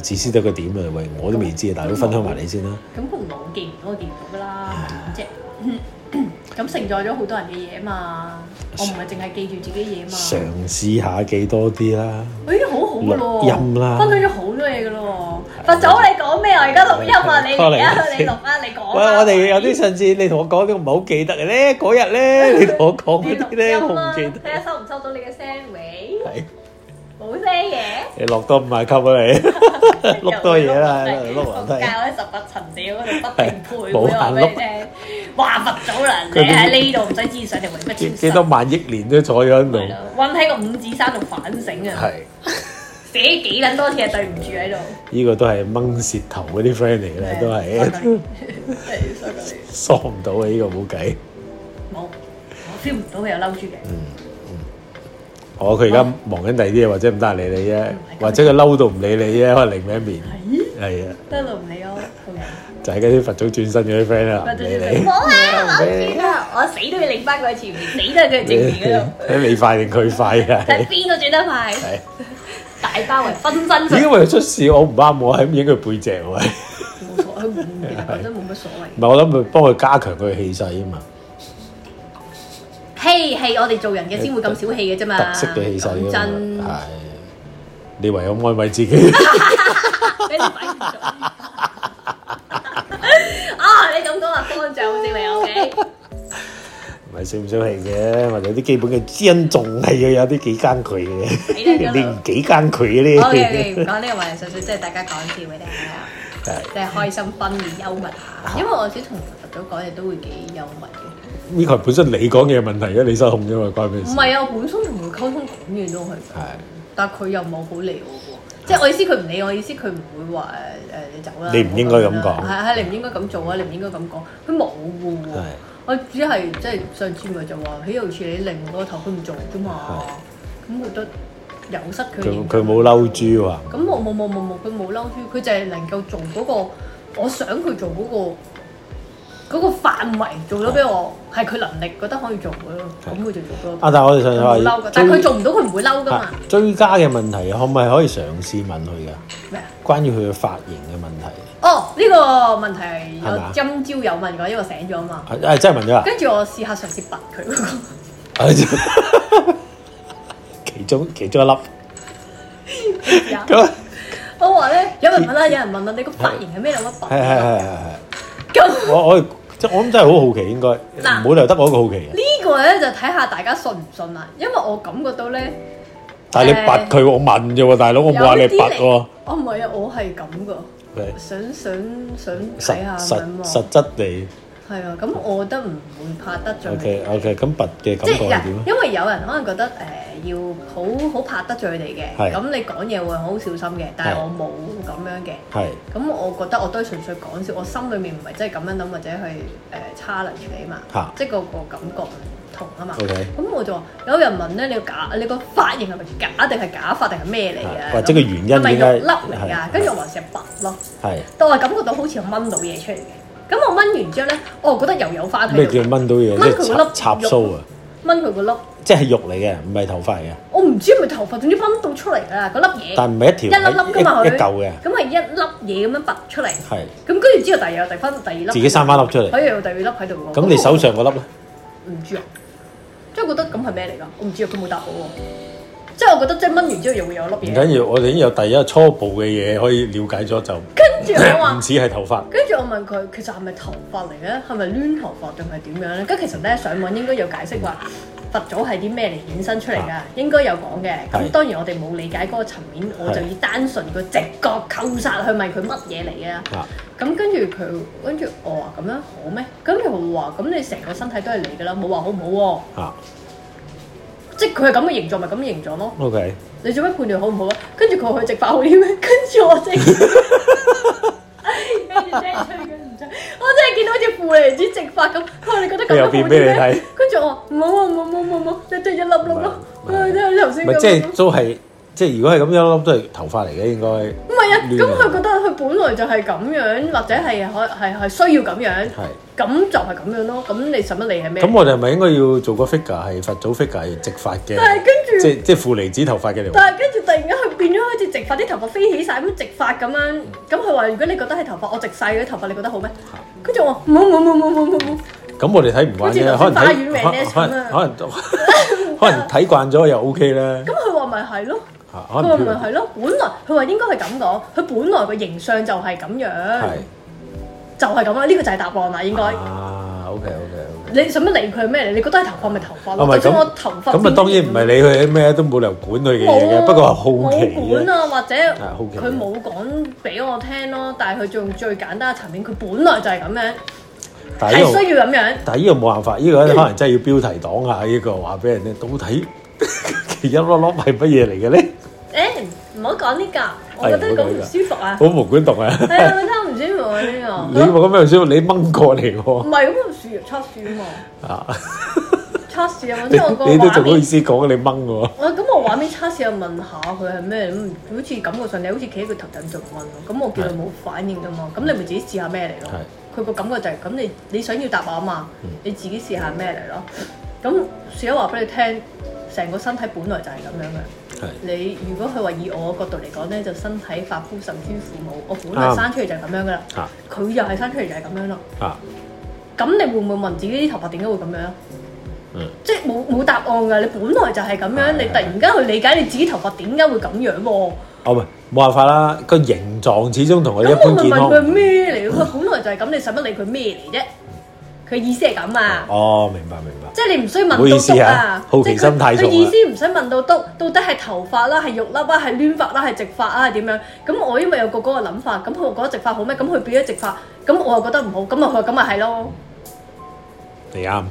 自私得個點啊？喂，我都未知啊，但係都分享埋你先啦。咁佢冇見唔到，我記唔到㗎啦，啫。咁承載咗好多人嘅嘢啊嘛，我唔係淨係記住自己嘢嘛，嘗試下記多啲啦。哎，好好噶咯，錄音啦，分享咗好多嘢噶咯。佛祖你講咩啊？而家錄音啊，你而家你錄啊，你講。你喂，我哋有啲上次你同我講啲唔係好記得嘅咧，嗰日咧你同我講啲咧，我唔記得。睇下收唔收到你嘅聲音。好些嘢，你落多唔埋級啊你，碌多嘢啦，碌埋低。佛教嗰啲十八層廟，你不停陪我俾你聽，話佛祖啦，你喺呢度唔使知上條為乜？幾幾多萬億年都坐咗喺度，温喺個五指山度反省啊！係幾幾捻多次，對唔住喺度。呢個都係掹舌頭嗰啲 friend 嚟嘅，都係。喪唔到啊！呢個冇計，冇，我 feel 唔到佢有嬲豬嘅。哦，佢而家忙緊第二啲嘢，或者唔得閒理你啫，或者佢嬲到唔理你啫，可能另一面，係啊，嬲到唔理我，就係嗰啲佛祖轉身嗰啲 friend 啦，唔好啊，我死都要擰翻佢前面，死都要佢正面嗰度，你快定佢快啊？邊個轉得快？大包圍分分鐘。已經為出事，我唔啱，我喺影佢背脊位，冇錯，佢背脊真係冇乜所謂。唔係我諗，咪幫佢加強佢嘅氣勢啊嘛。係係，我哋做人嘅先會咁小氣嘅啫嘛，真係，你唯有安慰自己。啊，你咁講啊，方丈認為 O K，唔係小唔小氣嘅，我哋啲基本嘅知恩重係要有啲幾艱巨嘅，你幾艱巨嗰啲。好嘅，唔講呢個話題，純粹即係大家講笑嘅啫，即係開心、歡樂、幽默。因為我小同佛祖講嘢都會幾幽默。呢個係本身你講嘢問題嘅，你失控啫嘛，關咩事？唔係啊，我本身同佢溝通講嘢都係，的但係佢又冇好理我喎。的即係我意思，佢唔理我意思。佢唔會話誒誒你走啦。你唔應該咁講，係係你唔應該咁做啊！你唔應該咁講，佢冇嘅喎。的我只係即係上次咪就話，好似你擰個頭，佢唔做啫嘛。咁覺得有失佢。佢佢冇嬲豬喎。咁冇冇冇冇冇，佢冇嬲豬，佢就係能夠做嗰、那個，我想佢做嗰、那個。嗰個範圍做咗俾我，係佢能力覺得可以做嘅咯。咁佢就做咯。啊！但係我哋上次話但係佢做唔到，佢唔會嬲噶嘛。追加嘅問題，可唔可以可以嘗試問佢嘅？咩啊？關於佢嘅髮型嘅問題。哦，呢個問題有今朝有問過，因為醒咗啊嘛。係，真係問咗啊！跟住我試下嘗試拔佢嗰個其中其中一粒。咁我話咧，有人問啦。有人問問你個髮型係咩嚟？乜咁我我。即係我諗真係好好奇，應該唔好啦，那留得我一個好奇啊！個呢個咧就睇下大家信唔信啦，因為我感覺到咧，但係你拔佢，呃，我問啫喎，大佬、哦，我冇話你拔喎，我唔係啊，我係咁噶，想想想睇下實實，實質地。係啊，咁我覺得唔會怕得罪。O K O K，咁拔嘅感覺點？因為有人可能覺得誒要好好怕得罪佢哋嘅，咁你講嘢會好小心嘅。但係我冇咁樣嘅。係。咁我覺得我都係純粹講笑，我心裏面唔係真係咁樣諗，或者係誒 c h a l l 你嘛？即係個感覺唔同啊嘛。O K。咁我就話有人問咧，你個假你個髮型係咪假定係假髮定係咩嚟嘅？或者個原因係咪係肉嚟㗎，跟住我話食拔咯。係。但我感覺到好似係掹到嘢出嚟嘅。咁我掹完之後咧，我覺得又有化睇。咩叫掹到嘢？掹佢個粒插鬚啊！掹佢個粒，即係肉嚟嘅，唔係頭髮嚟嘅。我唔知係咪頭髮，總之分到出嚟㗎啦，個粒嘢。但唔係一條一粒粒㗎嘛，一嚿嘅。咁係一,一粒嘢咁樣拔出嚟。係的。咁跟住之後，第二又第分第二粒。自己生翻粒出嚟。喺又第二粒喺度喎。咁你手上個粒咧？唔知啊，即係覺得咁係咩嚟㗎？我唔知啊，佢冇答我。即係我覺得，即係掹完之後又會有粒嘢。唔緊要，我哋已經有第一初步嘅嘢可以了解咗就。跟住我話唔止係頭髮。跟住我問佢，其實係咪頭髮嚟嘅？係咪攣頭髮定係點樣咧？咁其實咧，上網應該有解釋話佛祖係啲咩嚟衍生出嚟噶，啊、應該有講嘅。咁是當然我哋冇理解嗰個層面，我就以單純個直覺扣殺佢，咪佢乜嘢嚟嘅？咁跟住佢，跟住我話咁、哦、樣好咩？跟住我話咁你成個身體都係你㗎啦，冇話好唔好喎？啊即係佢係咁嘅形狀，咪咁嘅形狀咯。O Okay . K，你做咩判斷好唔好啊？跟住佢話佢直髮好啲咩？跟住我直髮， 我真係見到好似負離子直髮咁。佢話你覺得咁樣好啲咩？跟住我冇冇冇冇冇，就一堆一粒粒咯。即係都係即係，如果係咁樣一粒都係頭髮嚟嘅，應該。唔係啊，咁佢覺得佢本來就係咁樣，或者係係係需要咁樣。係。咁就係咁樣咯。咁你使乜理係咩？咁我哋係咪應該要做個 figure 係佛祖 figure 係植髮嘅？係跟住即係即係負離子頭髮嘅嚟。但係跟住突然間佢變咗好似直髮啲頭髮飛起晒咁直髮咁樣。咁佢話如果你覺得係頭髮，我直晒啲頭髮，你覺得好咩？跟住佢就話冇冇冇冇冇冇冇。咁我哋睇唔慣啊，可能可能可能可能睇慣咗又 OK 啦。咁佢話咪係咯。佢話咪係咯。本來佢話應該係咁講，佢本來個形象就係咁樣。係。就係咁啦，呢個就係答案啦，應該。啊，OK OK OK。你使乜理佢咩嚟？你覺得係頭髮咪頭髮咯。唔係，咁我頭髮。咁啊，當然唔係理佢咩都冇理由管佢嘅嘢嘅。不過係好奇。冇管啊，或者佢冇講俾我聽咯。但係佢仲用最簡單嘅層面，佢本來就係咁樣。係需要咁樣。但係呢個冇辦法，呢個可能真係要標題黨下呢個話俾人聽，到底一粒粒係乜嘢嚟嘅咧。誒。唔好講呢㗎，我覺得講唔舒服啊！好、哎、對無管動啊！係啊，我聽唔舒服啊！呢個 你咁樣唔舒服，你掹過嚟喎？唔係，咁用樹葉測試啊嘛！啊，測試啊！本身我講你都仲好意思講你掹我。咁我畫面測試又問下佢係咩？嗯，好似感覺上你好似企喺佢頭頂度掹咯。咁我叫佢冇反應㗎嘛。咁你咪自己試下咩嚟咯？佢的個感覺就係、是、咁，你你想要答案啊嘛？你自己試下咩嚟咯？咁試下話俾你聽。成個身體本來就係咁樣嘅，的你如果佢話以我角度嚟講咧，就身體髮膚甚至於父母，我本來生出嚟就係咁樣噶啦，佢又係生出嚟就係咁樣咯，咁、啊、你會唔會問自己啲頭髮點解會咁樣？嗯，即係冇冇答案㗎，你本來就係咁樣，的你突然間去理解你自己頭髮點解會咁樣喎？哦，唔冇辦法啦，個形狀始終同我一樣。咁我問問佢咩嚟？佢 本來就係咁，你使乜理佢咩嚟啫？佢意思係咁啊！哦，明白明白，即係你唔需要問到篤啊！好奇心太重啊！佢意思唔使問到篤，到底係頭髮啦，係肉粒啦，係攣髮啦，係直髮啊，係點樣？咁我因為有個個嘅諗法，咁佢話覺得直髮好咩？咁佢變咗直髮，咁我又覺得唔好，咁啊佢咁咪係咯？你啱，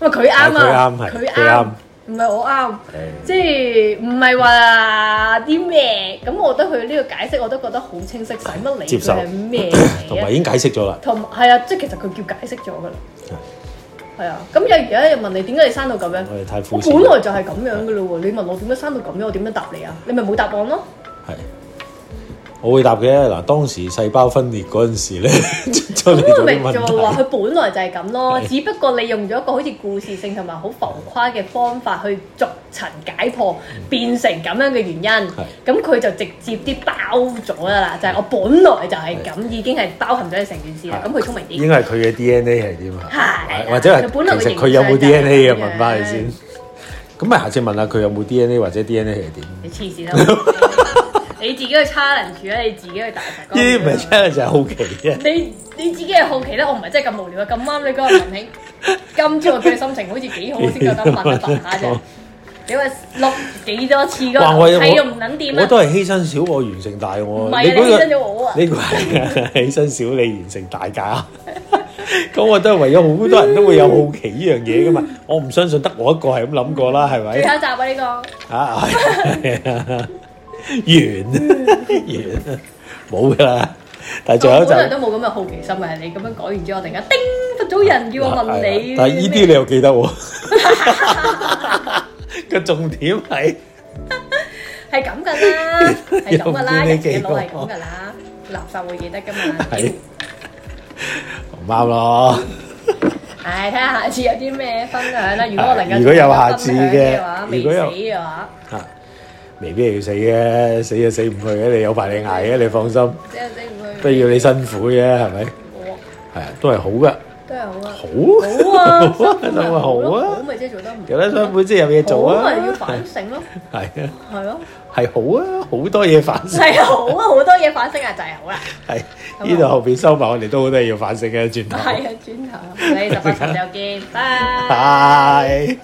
因為佢啱啊，佢啱係佢啱。唔係我啱，嗯、即係唔係話啲咩？咁我覺得佢呢個解釋我都覺得好清晰，使乜理佢咩？同埋已經解釋咗啦，同係啊，即係其實佢叫解釋咗噶啦，係啊。咁有而家又問你點解你生到咁樣？我哋太膚淺，本來就係咁樣噶咯喎。你問我點解生到咁樣，我點樣答你啊？你咪冇答案咯。係。我會答嘅嗱，當時細胞分裂嗰陣時咧，咁我明就話佢本來就係咁咯，只不過利用咗一個好似故事性同埋好浮誇嘅方法去逐層解破，變成咁樣嘅原因。咁佢就直接啲包咗噶啦，就係我本來就係咁，已經係包含咗你成件事啦。咁佢聰明啲，因為佢嘅 DNA 係點啊？係或者係佢有冇 DNA 啊？問返你先。咁咪下次問下佢有冇 DNA 或者 DNA 係點？你黐線啦！你自己去 challenge 啊！你自己去大。呢啲唔係 challenge，係好奇啫。你你自己係好奇咧，我唔係真係咁無聊啊！咁啱你嗰個林慶咁朝頭早嘅心情好似幾好，先夠膽發啫。你話錄幾多次嗰，又唔撚掂。我都係犧牲小我完成大我。唔係你犧牲咗我啊！呢個係犧牲小你完成大假。咁我都係為咗好多人都會有好奇呢樣嘢噶嘛。我唔相信得我一個係咁諗過啦，係咪？最後集啊！呢個完完冇噶，但係我本嚟都冇咁嘅好奇心嘅，係你咁樣講完之後，突然間叮，佛祖人叫我問你，但係呢啲你又記得喎，個重點係係咁噶啦，係咁噶啦，人哋老係咁噶啦，垃圾會記得噶嘛，唔啱咯，唉，睇下下次有啲咩分享啦，如果我如果有下次嘅話，未死嘅話。未必又要死嘅，死就死唔去嘅，你有排你挨嘅，你放心。即係死唔去。都要你辛苦嘅，係咪？冇啊。係啊，都係好噶。都係好啊。好。好啊。咁咪好啊。咁咪即係做得唔掂。有得辛苦即係有嘢做啊。咁咪要反省咯。係啊。係咯。係好啊，好多嘢反省。係好啊，好多嘢反省啊，就係好啦。係，呢度後邊收埋，我哋都好多嘢要反省嘅，轉頭。係啊，轉頭，下集再見，拜。拜。